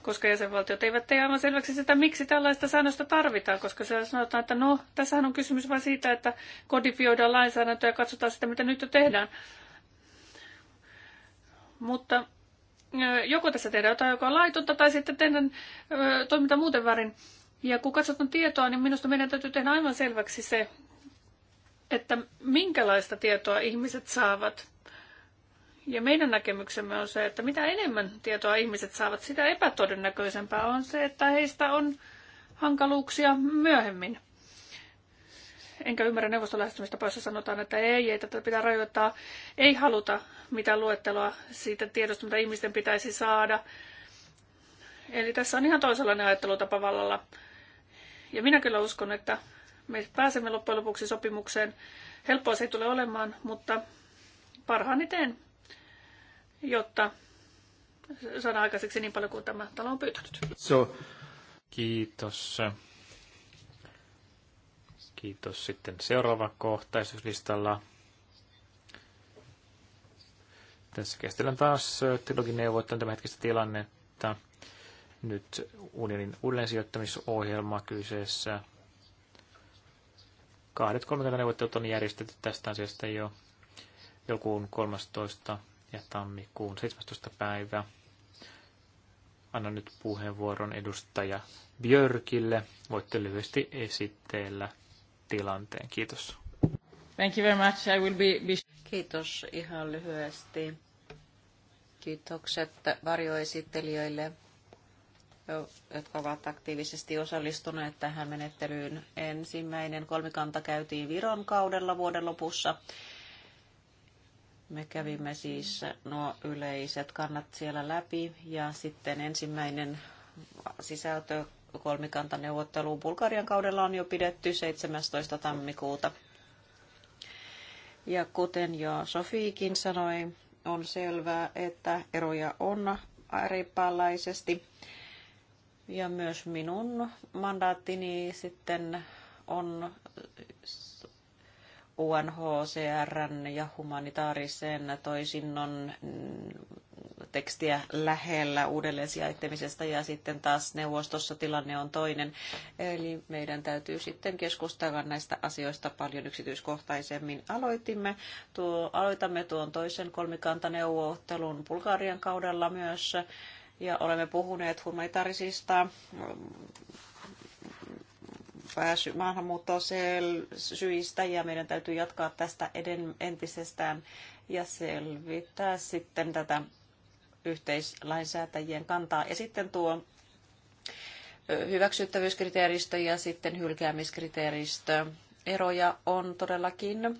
koska jäsenvaltiot eivät tee aivan selväksi sitä, miksi tällaista säännöstä tarvitaan, koska siellä sanotaan, että no, tässähän on kysymys vain siitä, että kodifioidaan lainsäädäntöä ja katsotaan sitä, mitä nyt jo tehdään. Mutta joko tässä tehdään jotain, joka on laitonta, tai sitten tehdään toiminta muuten väärin. Ja kun katsotaan tietoa, niin minusta meidän täytyy tehdä aivan selväksi se, että minkälaista tietoa ihmiset saavat. Ja meidän näkemyksemme on se, että mitä enemmän tietoa ihmiset saavat, sitä epätodennäköisempää on se, että heistä on hankaluuksia myöhemmin. Enkä ymmärrä neuvostolähestymistä lähestymistapaa, jossa sanotaan, että ei, ei tätä pitää rajoittaa. Ei haluta mitään luetteloa siitä tiedosta, mitä ihmisten pitäisi saada. Eli tässä on ihan toisenlainen ajattelutapa vallalla. Ja minä kyllä uskon, että me pääsemme loppujen lopuksi sopimukseen. Helppoa se ei tule olemaan, mutta parhaani teen jotta saadaan aikaiseksi niin paljon kuin tämä talo on pyytänyt. So, kiitos. Kiitos. Sitten seuraava kohta esityslistalla. Tässä käsitellään taas tämän hetkistä tilannetta. Nyt unionin uudelleensijoittamisohjelma kyseessä. Kahdet neuvottelut on järjestetty tästä asiasta jo jokuun 13 ja tammikuun 17. päivä. Annan nyt puheenvuoron edustaja Björkille. Voitte lyhyesti esitellä tilanteen. Kiitos. Thank you very much. I will be, be... Kiitos ihan lyhyesti. Kiitokset varjoesittelijöille, jotka ovat aktiivisesti osallistuneet tähän menettelyyn. Ensimmäinen kolmikanta käytiin Viron kaudella vuoden lopussa me kävimme siis nuo yleiset kannat siellä läpi ja sitten ensimmäinen sisältö kolmikantaneuvottelu Bulgarian kaudella on jo pidetty 17. tammikuuta. Ja kuten jo Sofiikin sanoi, on selvää, että eroja on riippaalaisesti. Ja myös minun mandaattini sitten on UNHCRn ja humanitaarisen toisinnon tekstiä lähellä uudelleen sijoittamisesta ja sitten taas neuvostossa tilanne on toinen. Eli meidän täytyy sitten keskustella näistä asioista paljon yksityiskohtaisemmin. Aloitimme tuo, aloitamme tuon toisen kolmikantaneuvottelun Bulgarian kaudella myös ja olemme puhuneet humanitaarisista pääsy maahanmuuttosyistä ja meidän täytyy jatkaa tästä eden, entisestään ja selvittää sitten tätä yhteislainsäätäjien kantaa. Ja sitten tuo hyväksyttävyyskriteeristö ja sitten hylkäämiskriteeristö. Eroja on todellakin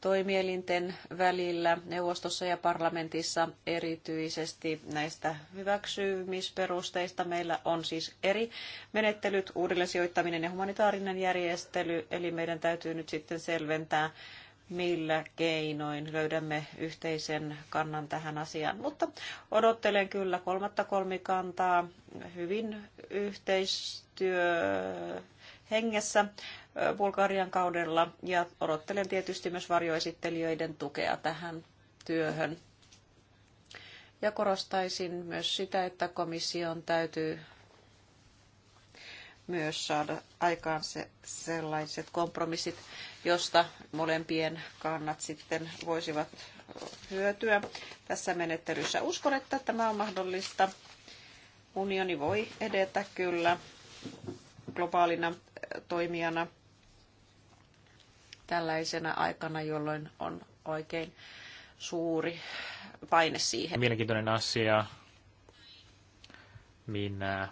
toimielinten välillä neuvostossa ja parlamentissa erityisesti näistä hyväksymisperusteista. Meillä on siis eri menettelyt, uudelleen sijoittaminen ja humanitaarinen järjestely, eli meidän täytyy nyt sitten selventää, millä keinoin löydämme yhteisen kannan tähän asiaan. Mutta odottelen kyllä kolmatta kolmikantaa hyvin yhteistyö hengessä Bulgarian kaudella ja odottelen tietysti myös varjoesittelijöiden tukea tähän työhön. Ja korostaisin myös sitä, että komission täytyy myös saada aikaan se, sellaiset kompromissit, josta molempien kannat sitten voisivat hyötyä tässä menettelyssä. Uskon, että tämä on mahdollista. Unioni voi edetä kyllä globaalina toimijana tällaisena aikana, jolloin on oikein suuri paine siihen. Mielenkiintoinen asia. Minä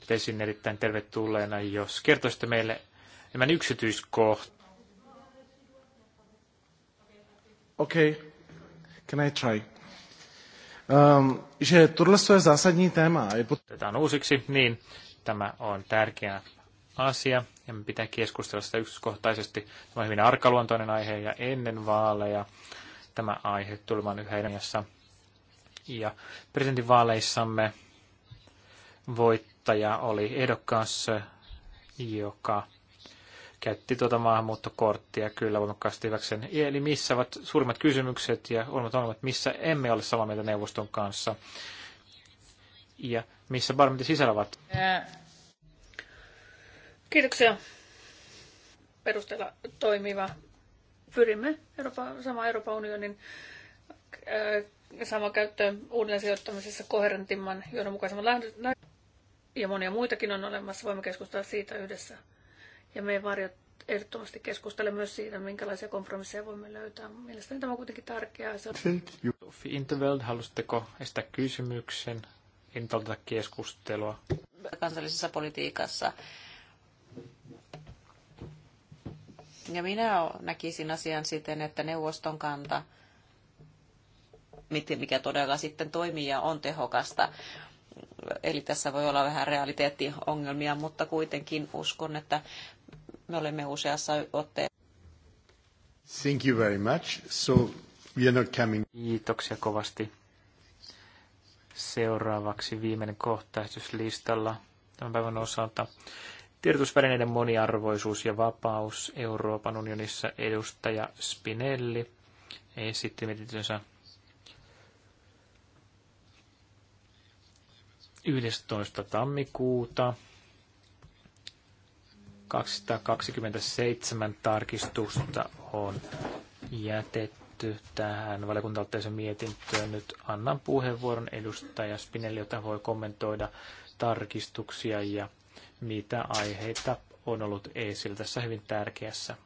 pitäisin erittäin tervetulleena, jos kertoisitte meille enemmän yksityiskohtia. Okei, okay. can I try? Um, že tohle je zásadní téma. uusiksi, niin tämä on tärkeä asia ja me pitää keskustella sitä yksityiskohtaisesti. Tämä on hyvin arkaluontoinen aihe ja ennen vaaleja tämä aihe tulemaan yhä enemmän. Ja presidentinvaaleissamme voittaja oli ehdokas, joka käytti tuota maahanmuuttokorttia kyllä voimakkaasti hyväkseen. Eli missä ovat suurimmat kysymykset ja olemat ongelmat, missä emme ole samaa mieltä neuvoston kanssa ja missä parlamentin sisällä ovat. Yeah. Kiitoksia. Perusteella toimiva. Pyrimme Euroopan, sama Euroopan unionin äh, sama käyttöön uudelleen sijoittamisessa koherentimman, johdonmukaisemman lähdön ja monia muitakin on olemassa. Voimme keskustella siitä yhdessä. Ja me varjot ehdottomasti keskustele myös siitä, minkälaisia kompromisseja voimme löytää. Mielestäni tämä on kuitenkin tärkeää. Se on... Interveld, halusitteko estää kysymyksen? Intolta keskustelua. Kansallisessa politiikassa Ja minä näkisin asian siten, että neuvoston kanta, mikä todella sitten toimii ja on tehokasta, eli tässä voi olla vähän realiteettiongelmia, mutta kuitenkin uskon, että me olemme useassa otteessa. Thank you very much. So we are not coming. Kiitoksia kovasti. Seuraavaksi viimeinen listalla tämän päivän osalta Tiedotusvälineiden moniarvoisuus ja vapaus Euroopan unionissa edustaja Spinelli esitti mietitynsä 11. tammikuuta 227 tarkistusta on jätetty tähän valiokuntaotteeseen mietintöön. Nyt annan puheenvuoron edustaja Spinelli, jota voi kommentoida tarkistuksia ja mitä aiheita on ollut esillä tässä hyvin tärkeässä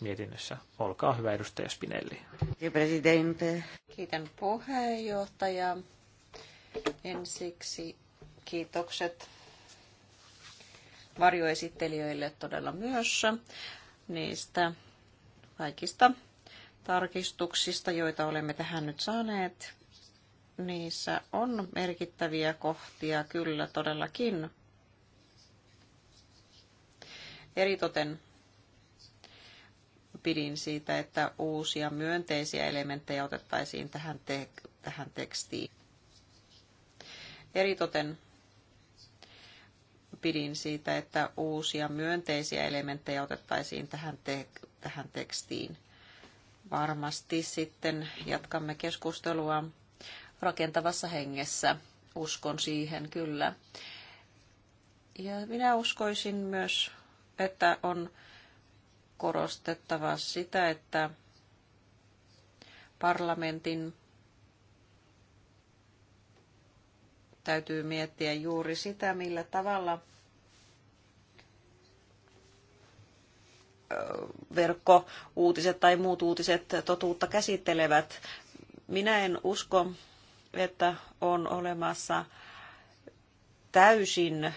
mietinnössä. Olkaa hyvä, edustaja Spinelli. Kiitän puheenjohtaja. Ensiksi kiitokset varjoesittelijöille todella myös niistä kaikista tarkistuksista, joita olemme tähän nyt saaneet. Niissä on merkittäviä kohtia kyllä todellakin Eritoten pidin siitä, että uusia myönteisiä elementtejä otettaisiin tähän, te- tähän tekstiin. Eritoten pidin siitä, että uusia myönteisiä elementtejä otettaisiin tähän, te- tähän tekstiin. Varmasti sitten jatkamme keskustelua rakentavassa hengessä. Uskon siihen kyllä. Ja minä uskoisin myös että on korostettava sitä, että parlamentin täytyy miettiä juuri sitä, millä tavalla verkkouutiset tai muut uutiset totuutta käsittelevät. Minä en usko, että on olemassa täysin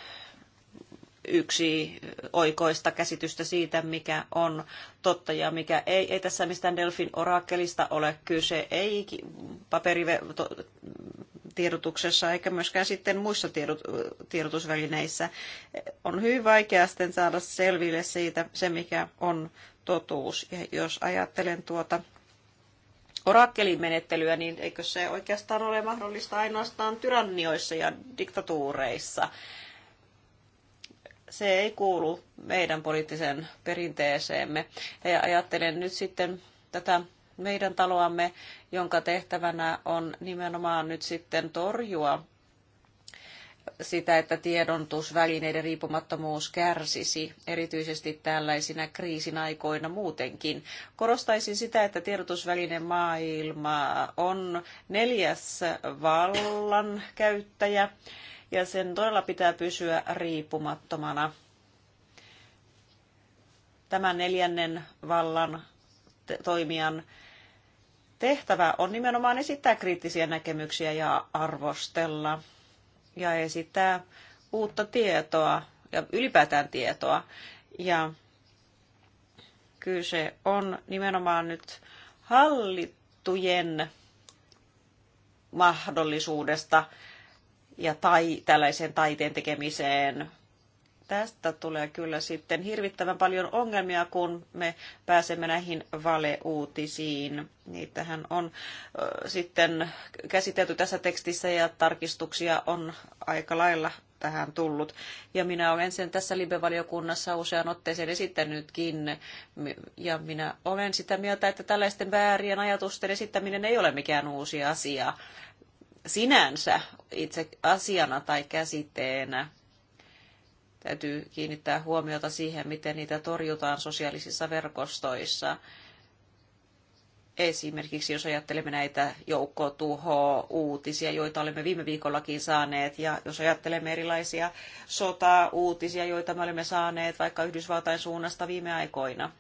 yksi oikoista käsitystä siitä, mikä on totta ja mikä ei. Ei tässä mistään Delfin orakelista ole kyse, ei paperitiedotuksessa eikä myöskään sitten muissa tiedot, tiedotusvälineissä. On hyvin vaikea sitten saada selville siitä se, mikä on totuus. Ja jos ajattelen tuota orakkelimenettelyä, niin eikö se oikeastaan ole mahdollista ainoastaan tyrannioissa ja diktatuureissa? se ei kuulu meidän poliittiseen perinteeseemme. Ja ajattelen nyt sitten tätä meidän taloamme, jonka tehtävänä on nimenomaan nyt sitten torjua sitä, että tiedontusvälineiden riippumattomuus kärsisi, erityisesti tällaisina kriisin aikoina muutenkin. Korostaisin sitä, että tiedotusvälineen maailma on neljäs vallan käyttäjä ja sen todella pitää pysyä riippumattomana. Tämän neljännen vallan toimijan tehtävä on nimenomaan esittää kriittisiä näkemyksiä ja arvostella ja esittää uutta tietoa ja ylipäätään tietoa. Ja kyse on nimenomaan nyt hallittujen mahdollisuudesta ja tai, tällaisen taiteen tekemiseen. Tästä tulee kyllä sitten hirvittävän paljon ongelmia, kun me pääsemme näihin valeuutisiin. Niitähän on sitten käsitelty tässä tekstissä ja tarkistuksia on aika lailla tähän tullut. Ja minä olen sen tässä libevaliokunnassa usean otteeseen esittänytkin. Ja minä olen sitä mieltä, että tällaisten väärien ajatusten esittäminen ei ole mikään uusi asia sinänsä itse asiana tai käsitteenä. Täytyy kiinnittää huomiota siihen, miten niitä torjutaan sosiaalisissa verkostoissa. Esimerkiksi jos ajattelemme näitä joukkotuho-uutisia, joita olemme viime viikollakin saaneet, ja jos ajattelemme erilaisia sota-uutisia, joita me olemme saaneet vaikka Yhdysvaltain suunnasta viime aikoina,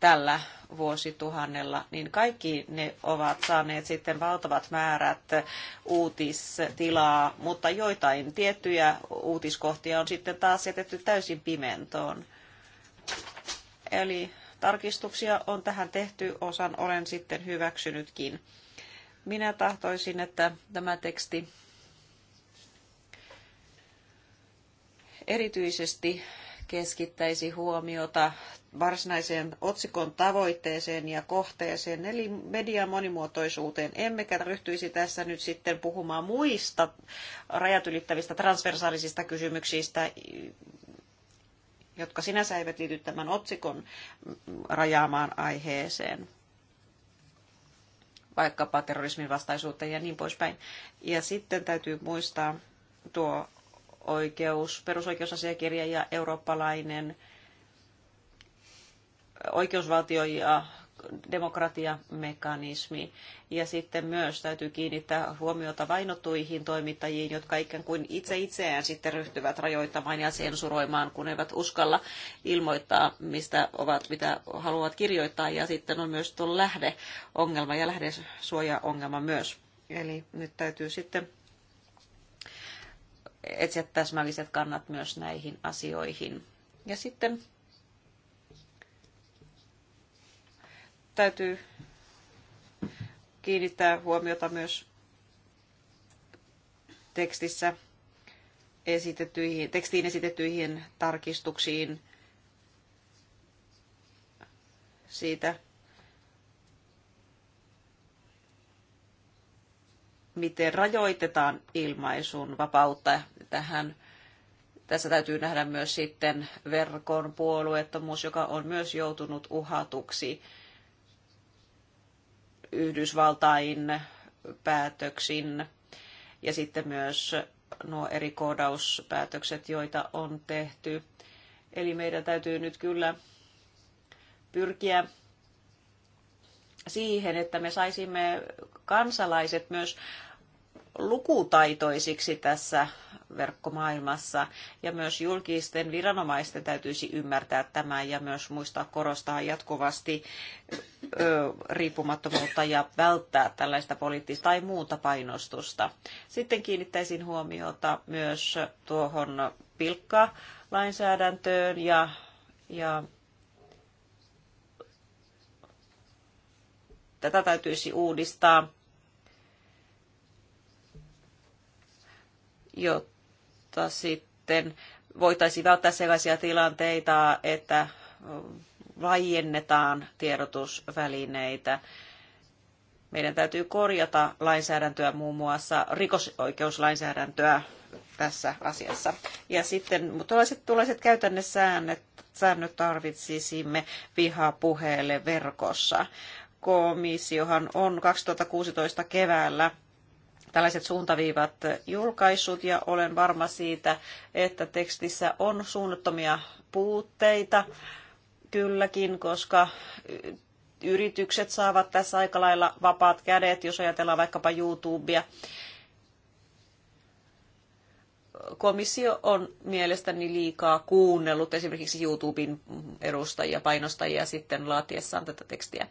tällä vuosituhannella, niin kaikki ne ovat saaneet sitten valtavat määrät uutistilaa, mutta joitain tiettyjä uutiskohtia on sitten taas jätetty täysin pimentoon. Eli tarkistuksia on tähän tehty, osan olen sitten hyväksynytkin. Minä tahtoisin, että tämä teksti erityisesti keskittäisi huomiota varsinaiseen otsikon tavoitteeseen ja kohteeseen, eli median monimuotoisuuteen, emmekä ryhtyisi tässä nyt sitten puhumaan muista rajat ylittävistä transversaalisista kysymyksistä, jotka sinänsä eivät liity tämän otsikon rajaamaan aiheeseen vaikkapa terrorismin vastaisuuteen ja niin poispäin. Ja sitten täytyy muistaa tuo oikeus, perusoikeusasiakirja ja eurooppalainen oikeusvaltio ja demokratiamekanismi. Ja sitten myös täytyy kiinnittää huomiota vainottuihin toimittajiin, jotka ikään kuin itse itseään sitten ryhtyvät rajoittamaan ja sensuroimaan, kun eivät uskalla ilmoittaa, mistä ovat, mitä haluavat kirjoittaa. Ja sitten on myös tuo lähdeongelma ja lähdesuojaongelma myös. Eli nyt täytyy sitten etsiä täsmälliset kannat myös näihin asioihin. Ja sitten täytyy kiinnittää huomiota myös tekstissä esitettyihin, tekstiin esitettyihin tarkistuksiin siitä, miten rajoitetaan ilmaisun vapautta. Tähän, tässä täytyy nähdä myös sitten verkon puolueettomuus, joka on myös joutunut uhatuksi Yhdysvaltain päätöksin ja sitten myös nuo eri koodauspäätökset, joita on tehty. Eli meidän täytyy nyt kyllä pyrkiä siihen, että me saisimme kansalaiset myös lukutaitoisiksi tässä verkkomaailmassa. Ja myös julkisten viranomaisten täytyisi ymmärtää tämä ja myös muistaa korostaa jatkuvasti ö, riippumattomuutta ja välttää tällaista poliittista tai muuta painostusta. Sitten kiinnittäisin huomiota myös tuohon pilkkalainsäädäntöön ja, ja Tätä täytyisi uudistaa, jotta sitten voitaisiin välttää sellaisia tilanteita, että vaiennetaan tiedotusvälineitä. Meidän täytyy korjata lainsäädäntöä, muun muassa rikosoikeuslainsäädäntöä tässä asiassa. Ja sitten tällaiset, tuollaiset käytännössä säännöt tarvitsisimme vihapuheelle verkossa komissiohan on 2016 keväällä tällaiset suuntaviivat julkaissut ja olen varma siitä, että tekstissä on suunnattomia puutteita kylläkin, koska yritykset saavat tässä aika lailla vapaat kädet, jos ajatellaan vaikkapa YouTubea. Komissio on mielestäni liikaa kuunnellut esimerkiksi YouTuben edustajia, painostajia sitten laatiessaan tätä tekstiä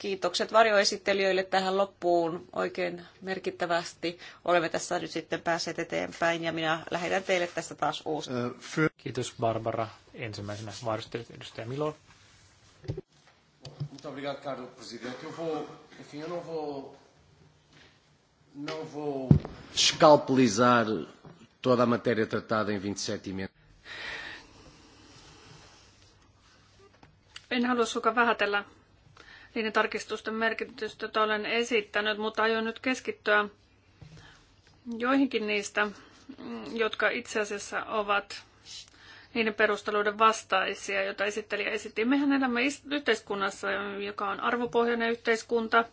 kiitokset varjoesittelijöille tähän loppuun oikein merkittävästi. Olemme tässä nyt sitten päässeet eteenpäin ja minä lähetän teille tästä taas uusi. Kiitos Barbara. Ensimmäisenä varjoesittelijät edustaja Milo. 27 e En halua suka vähätellä niiden tarkistusten merkitystä, joita olen esittänyt, mutta aion nyt keskittyä joihinkin niistä, mm, jotka itse asiassa ovat niiden perusteluiden vastaisia, joita esittelijä esitti. Mehän elämme yhteiskunnassa, joka on arvopohjainen yhteiskunta.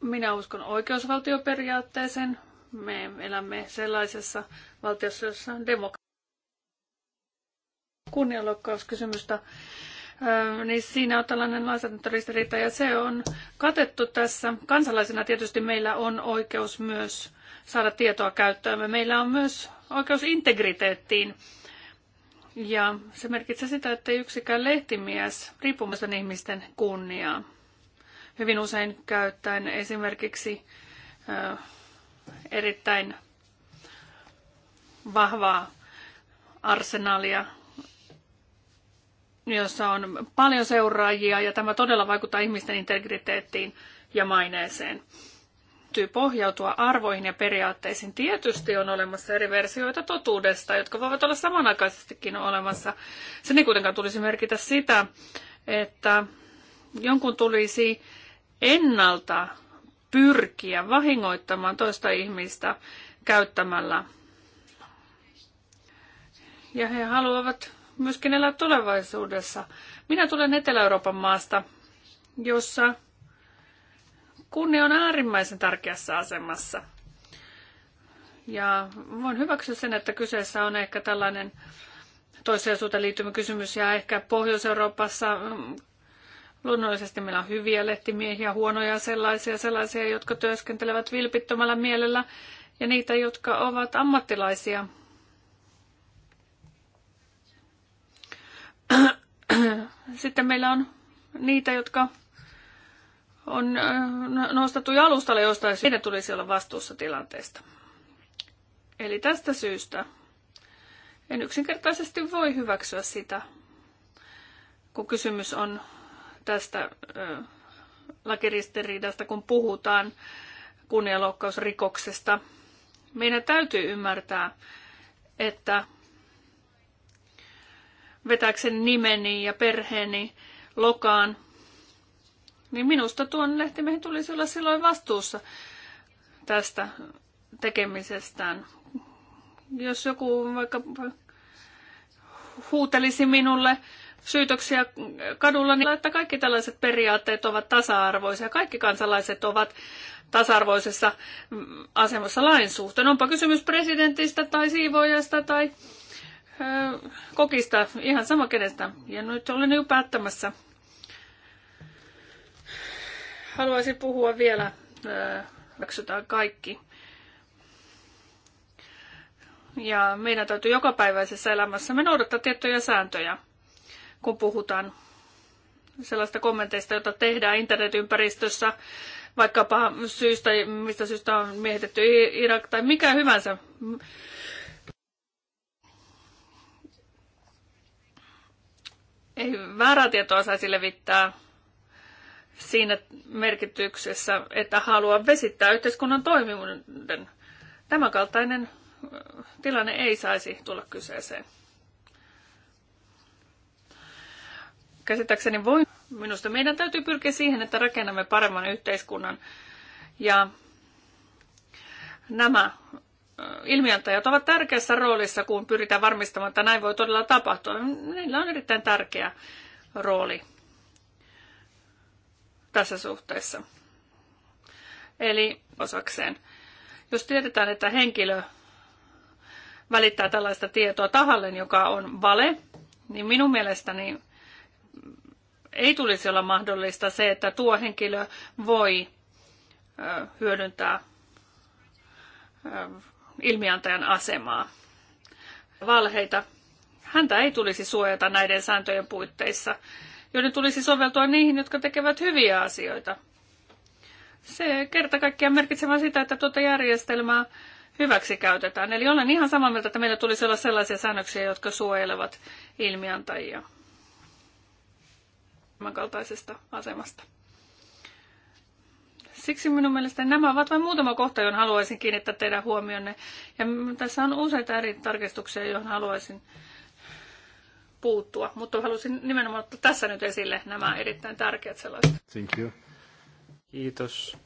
Minä uskon oikeusvaltioperiaatteeseen. Me elämme sellaisessa valtiossa, jossa demokratia kunnianloukkauskysymystä, öö, niin siinä on tällainen lainsäädäntöristiriita ja se on katettu tässä. Kansalaisena tietysti meillä on oikeus myös saada tietoa käyttöömme. Meillä on myös oikeus integriteettiin. Ja se merkitsee sitä, että yksikään lehtimies riippumatta ihmisten kunniaa. Hyvin usein käyttäen esimerkiksi öö, erittäin vahvaa arsenaalia jossa on paljon seuraajia ja tämä todella vaikuttaa ihmisten integriteettiin ja maineeseen. Täytyy pohjautua arvoihin ja periaatteisiin. Tietysti on olemassa eri versioita totuudesta, jotka voivat olla samanaikaisestikin olemassa. Sen ei kuitenkaan tulisi merkitä sitä, että jonkun tulisi ennalta pyrkiä vahingoittamaan toista ihmistä käyttämällä. Ja he haluavat myöskin elää tulevaisuudessa. Minä tulen Etelä-Euroopan maasta, jossa kunni on äärimmäisen tärkeässä asemassa. Ja voin hyväksyä sen, että kyseessä on ehkä tällainen toissijaisuuteen liittyvä kysymys ja ehkä Pohjois-Euroopassa mm, Luonnollisesti meillä on hyviä lehtimiehiä, huonoja sellaisia, sellaisia, jotka työskentelevät vilpittömällä mielellä ja niitä, jotka ovat ammattilaisia, Sitten meillä on niitä, jotka on äh, no, nostettu jalustalle jostain, siitä tulisi olla vastuussa tilanteesta. Eli tästä syystä en yksinkertaisesti voi hyväksyä sitä, kun kysymys on tästä ö, äh, lakiristiriidasta, kun puhutaan kunnianloukkausrikoksesta. Meidän täytyy ymmärtää, että vetääkseni nimeni ja perheeni lokaan, niin minusta tuon lehtimiehen tulisi olla silloin vastuussa tästä tekemisestään. Jos joku vaikka huutelisi minulle syytöksiä kadulla, niin että kaikki tällaiset periaatteet ovat tasa-arvoisia. Kaikki kansalaiset ovat tasa-arvoisessa asemassa lain suhteen. Onpa kysymys presidentistä tai siivoojasta tai kokista, ihan sama kenestä. Ja nyt olen jo päättämässä. Haluaisin puhua vielä, hyväksytään kaikki. Ja meidän täytyy jokapäiväisessä me noudattaa tiettyjä sääntöjä, kun puhutaan sellaista kommenteista, jota tehdään internetympäristössä, vaikkapa syystä, mistä syystä on miehitetty Irak tai mikä hyvänsä ei väärää tietoa saisi levittää siinä merkityksessä, että haluaa vesittää yhteiskunnan toimivuuden. Tämänkaltainen äh, tilanne ei saisi tulla kyseeseen. Käsittääkseni voi. Minusta meidän täytyy pyrkiä siihen, että rakennamme paremman yhteiskunnan. Ja nämä ilmiantajat ovat tärkeässä roolissa, kun pyritään varmistamaan, että näin voi todella tapahtua. Niillä on erittäin tärkeä rooli tässä suhteessa. Eli osakseen. Jos tiedetään, että henkilö välittää tällaista tietoa tahalleen, joka on vale, niin minun mielestäni ei tulisi olla mahdollista se, että tuo henkilö voi hyödyntää ilmiantajan asemaa. Valheita häntä ei tulisi suojata näiden sääntöjen puitteissa, joiden tulisi soveltua niihin, jotka tekevät hyviä asioita. Se kerta kaikkiaan merkitsemään sitä, että tuota järjestelmää hyväksi käytetään. Eli olen ihan samaa mieltä, että meillä tulisi olla sellaisia säännöksiä, jotka suojelevat ilmiantajia tämänkaltaisesta asemasta. Siksi minun mielestäni nämä ovat vain muutama kohta, johon haluaisin kiinnittää teidän huomionne. Ja tässä on useita eri tarkistuksia, joihin haluaisin puuttua, mutta halusin nimenomaan ottaa tässä nyt esille nämä erittäin tärkeät sellaiset. Thank you. Kiitos.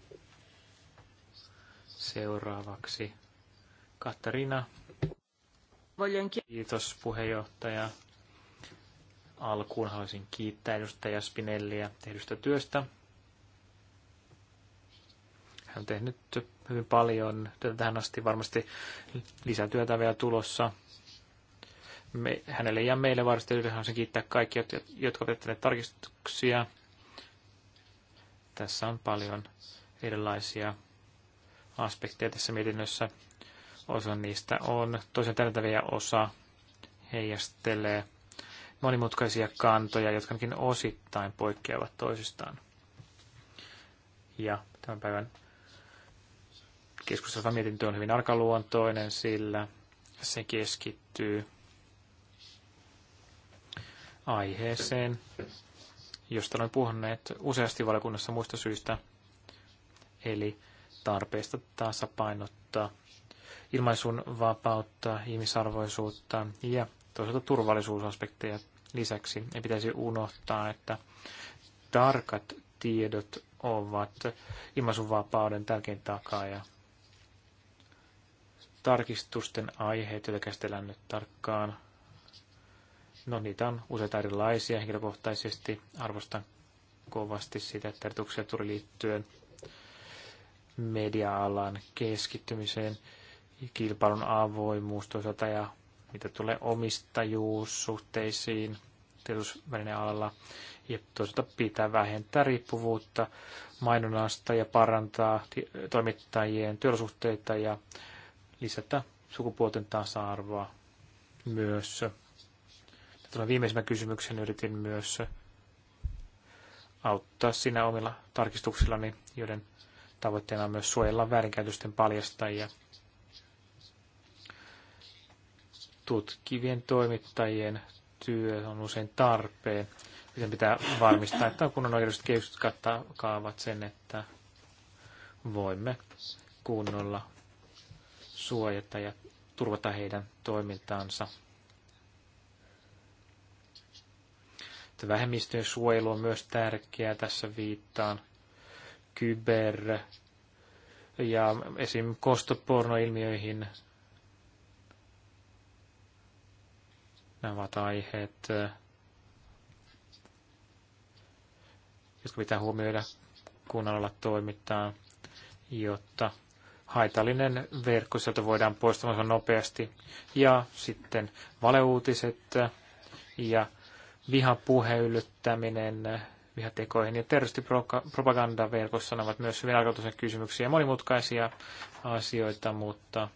Seuraavaksi Katarina. Kiitos puheenjohtaja. Alkuun haluaisin kiittää edustaja Spinelliä tehdystä työstä. Hän on tehnyt hyvin paljon työtä tähän asti, varmasti lisätyötä vielä tulossa. Me, hänelle ja meille varmasti yhdessä kiittää kaikkia, jotka ovat tehneet tarkistuksia. Tässä on paljon erilaisia aspekteja tässä mietinnössä. Osa niistä on toisen täydentäviä osa heijastelee monimutkaisia kantoja, jotka osittain poikkeavat toisistaan. Ja tämän päivän Keskusteleva mietintö on hyvin arkaluontoinen, sillä se keskittyy aiheeseen, josta olemme puhuneet useasti valiokunnassa muista syistä, eli tarpeesta tasapainottaa ilmaisun vapautta, ihmisarvoisuutta ja toisaalta turvallisuusaspekteja lisäksi. Ei pitäisi unohtaa, että tarkat tiedot ovat vapauden tärkein takaaja tarkistusten aiheet, joita käsitellään nyt tarkkaan. No niitä on useita erilaisia henkilökohtaisesti. Arvostan kovasti sitä, että tarjouksia tuli liittyen media-alan keskittymiseen, kilpailun avoimuus toisaalta ja mitä tulee omistajuussuhteisiin tiedotusvälineen alalla. Ja toisaalta pitää vähentää riippuvuutta mainonnasta ja parantaa toimittajien työsuhteita ja lisätä sukupuolten tasa-arvoa myös. Tämä viimeisimmän kysymyksen yritin myös auttaa sinä omilla tarkistuksillani, joiden tavoitteena on myös suojella väärinkäytösten paljastajia. Tutkivien toimittajien työ on usein tarpeen, miten pitää varmistaa, että kun on oikeudelliset kehykset kaavat sen, että voimme kunnolla suojata ja turvata heidän toimintaansa. Vähemmistöjen suojelu on myös tärkeää tässä viittaan. Kyber ja esim. kostopornoilmiöihin. Nämä ovat aiheet, jotka pitää huomioida kunnalla alalla jotta haitallinen verkko, sieltä voidaan poistamaan nopeasti. Ja sitten valeuutiset ja vihapuheyllyttäminen vihatekoihin ja terroristipropagandaverkossa ovat myös hyvin aikautisia kysymyksiä ja monimutkaisia asioita, mutta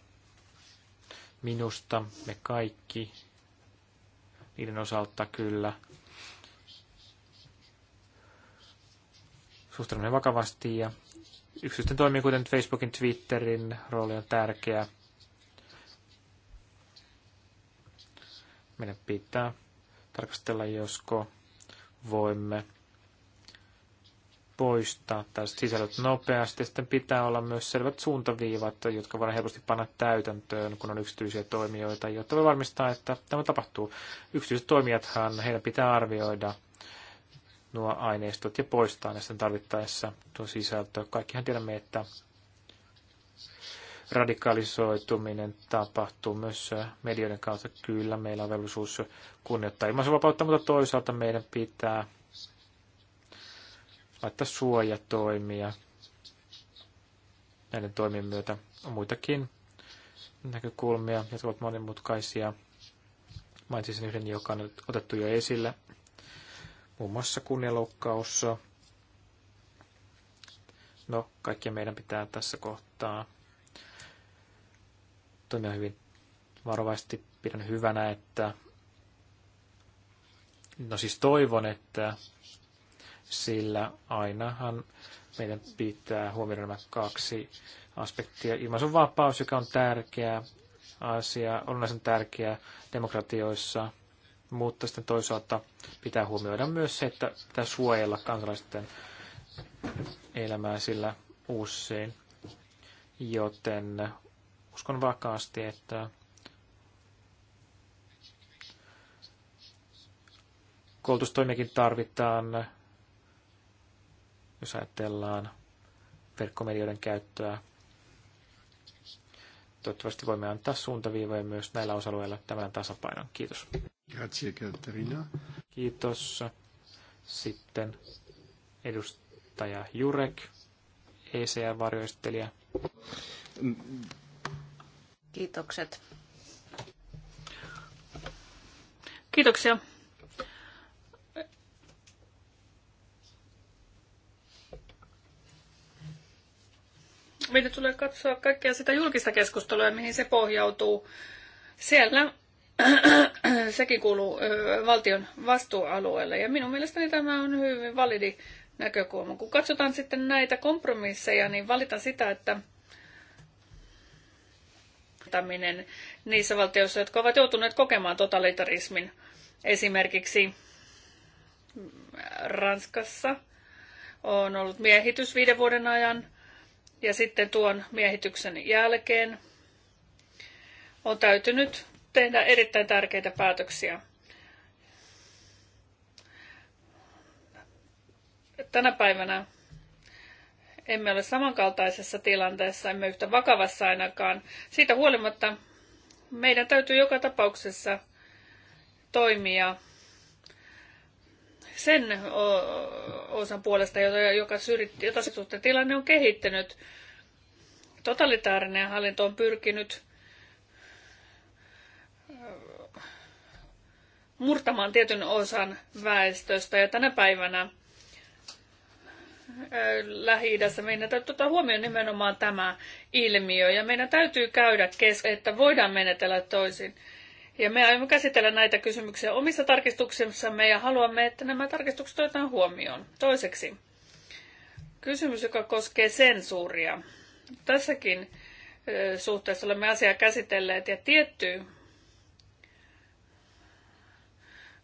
minusta me kaikki niiden osalta kyllä suhtaudumme vakavasti ja Yksityisten toimien, kuten Facebookin, Twitterin rooli on tärkeä. Meidän pitää tarkastella, josko voimme poistaa tästä sisällöt nopeasti. Sitten pitää olla myös selvät suuntaviivat, jotka voidaan helposti panna täytäntöön, kun on yksityisiä toimijoita, jotta voi varmistaa, että tämä tapahtuu. Yksityiset toimijathan, heidän pitää arvioida nuo aineistot ja poistaa näistä tarvittaessa tuo sisältö. Kaikkihan tiedämme, että radikalisoituminen tapahtuu myös äh, medioiden kautta. Kyllä, meillä on velvollisuus kunnioittaa ilmaisuvapautta, mutta toisaalta meidän pitää laittaa suojatoimia näiden toimien myötä. On muitakin näkökulmia, jotka ovat monimutkaisia. Mainitsin sen yhden, joka on otettu jo esille, muun muassa kunnianloukkaus. No, kaikkia meidän pitää tässä kohtaa toimia hyvin varovasti. Pidän hyvänä, että no siis toivon, että sillä ainahan meidän pitää huomioida nämä kaksi aspektia. Ilmaisun vapaus, joka on tärkeä asia, on tärkeä demokratioissa, mutta sitten toisaalta pitää huomioida myös se, että pitää suojella kansalaisten elämää sillä usein. Joten uskon vakaasti, että koulutustoimiakin tarvitaan, jos ajatellaan verkkomedioiden käyttöä toivottavasti voimme antaa suuntaviivoja myös näillä osa-alueilla tämän tasapainon. Kiitos. Grazie, Katarina. Kiitos. Sitten edustaja Jurek, ECR-varjoistelija. Kiitokset. Kiitoksia. Meidän tulee katsoa kaikkea sitä julkista keskustelua, mihin se pohjautuu. Siellä sekin kuuluu valtion vastuualueelle. Ja minun mielestäni tämä on hyvin validi näkökulma. Kun katsotaan sitten näitä kompromisseja, niin valitan sitä, että niissä valtioissa, jotka ovat joutuneet kokemaan totalitarismin, esimerkiksi Ranskassa on ollut miehitys viiden vuoden ajan – ja sitten tuon miehityksen jälkeen on täytynyt tehdä erittäin tärkeitä päätöksiä. Tänä päivänä emme ole samankaltaisessa tilanteessa, emme yhtä vakavassa ainakaan. Siitä huolimatta meidän täytyy joka tapauksessa toimia sen osan puolesta, joka syritti, jota suhteen tilanne on kehittynyt. Totalitaarinen hallinto on pyrkinyt äh, murtamaan tietyn osan väestöstä ja tänä päivänä äh, Lähi-idässä meidän täytyy ottaa huomioon nimenomaan tämä ilmiö ja meidän täytyy käydä kes, että voidaan menetellä toisin. Ja me aiomme käsitellä näitä kysymyksiä omissa tarkistuksissamme ja haluamme, että nämä tarkistukset otetaan huomioon. Toiseksi, kysymys, joka koskee sensuuria. Tässäkin suhteessa olemme asiaa käsitelleet ja tietty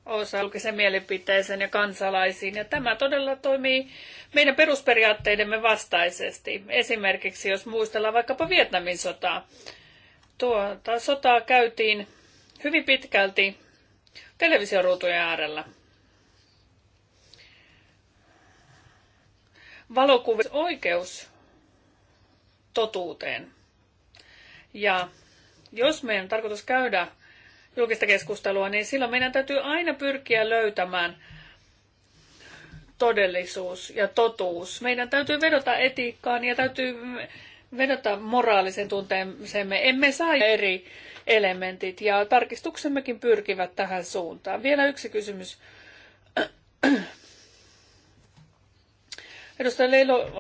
osa julkisen mielipiteeseen ja kansalaisiin. Ja tämä todella toimii meidän perusperiaatteidemme vastaisesti. Esimerkiksi jos muistellaan vaikkapa Vietnamin sotaa. Tuota sotaa käytiin hyvin pitkälti televisioruutujen äärellä. Valokuvien oikeus totuuteen. Ja jos meidän on tarkoitus käydä julkista keskustelua, niin silloin meidän täytyy aina pyrkiä löytämään todellisuus ja totuus. Meidän täytyy vedota etiikkaan ja täytyy vedota moraalisen tunteeseemme. Emme saa eri elementit ja tarkistuksemmekin pyrkivät tähän suuntaan. Vielä yksi kysymys. Edustaja Leilo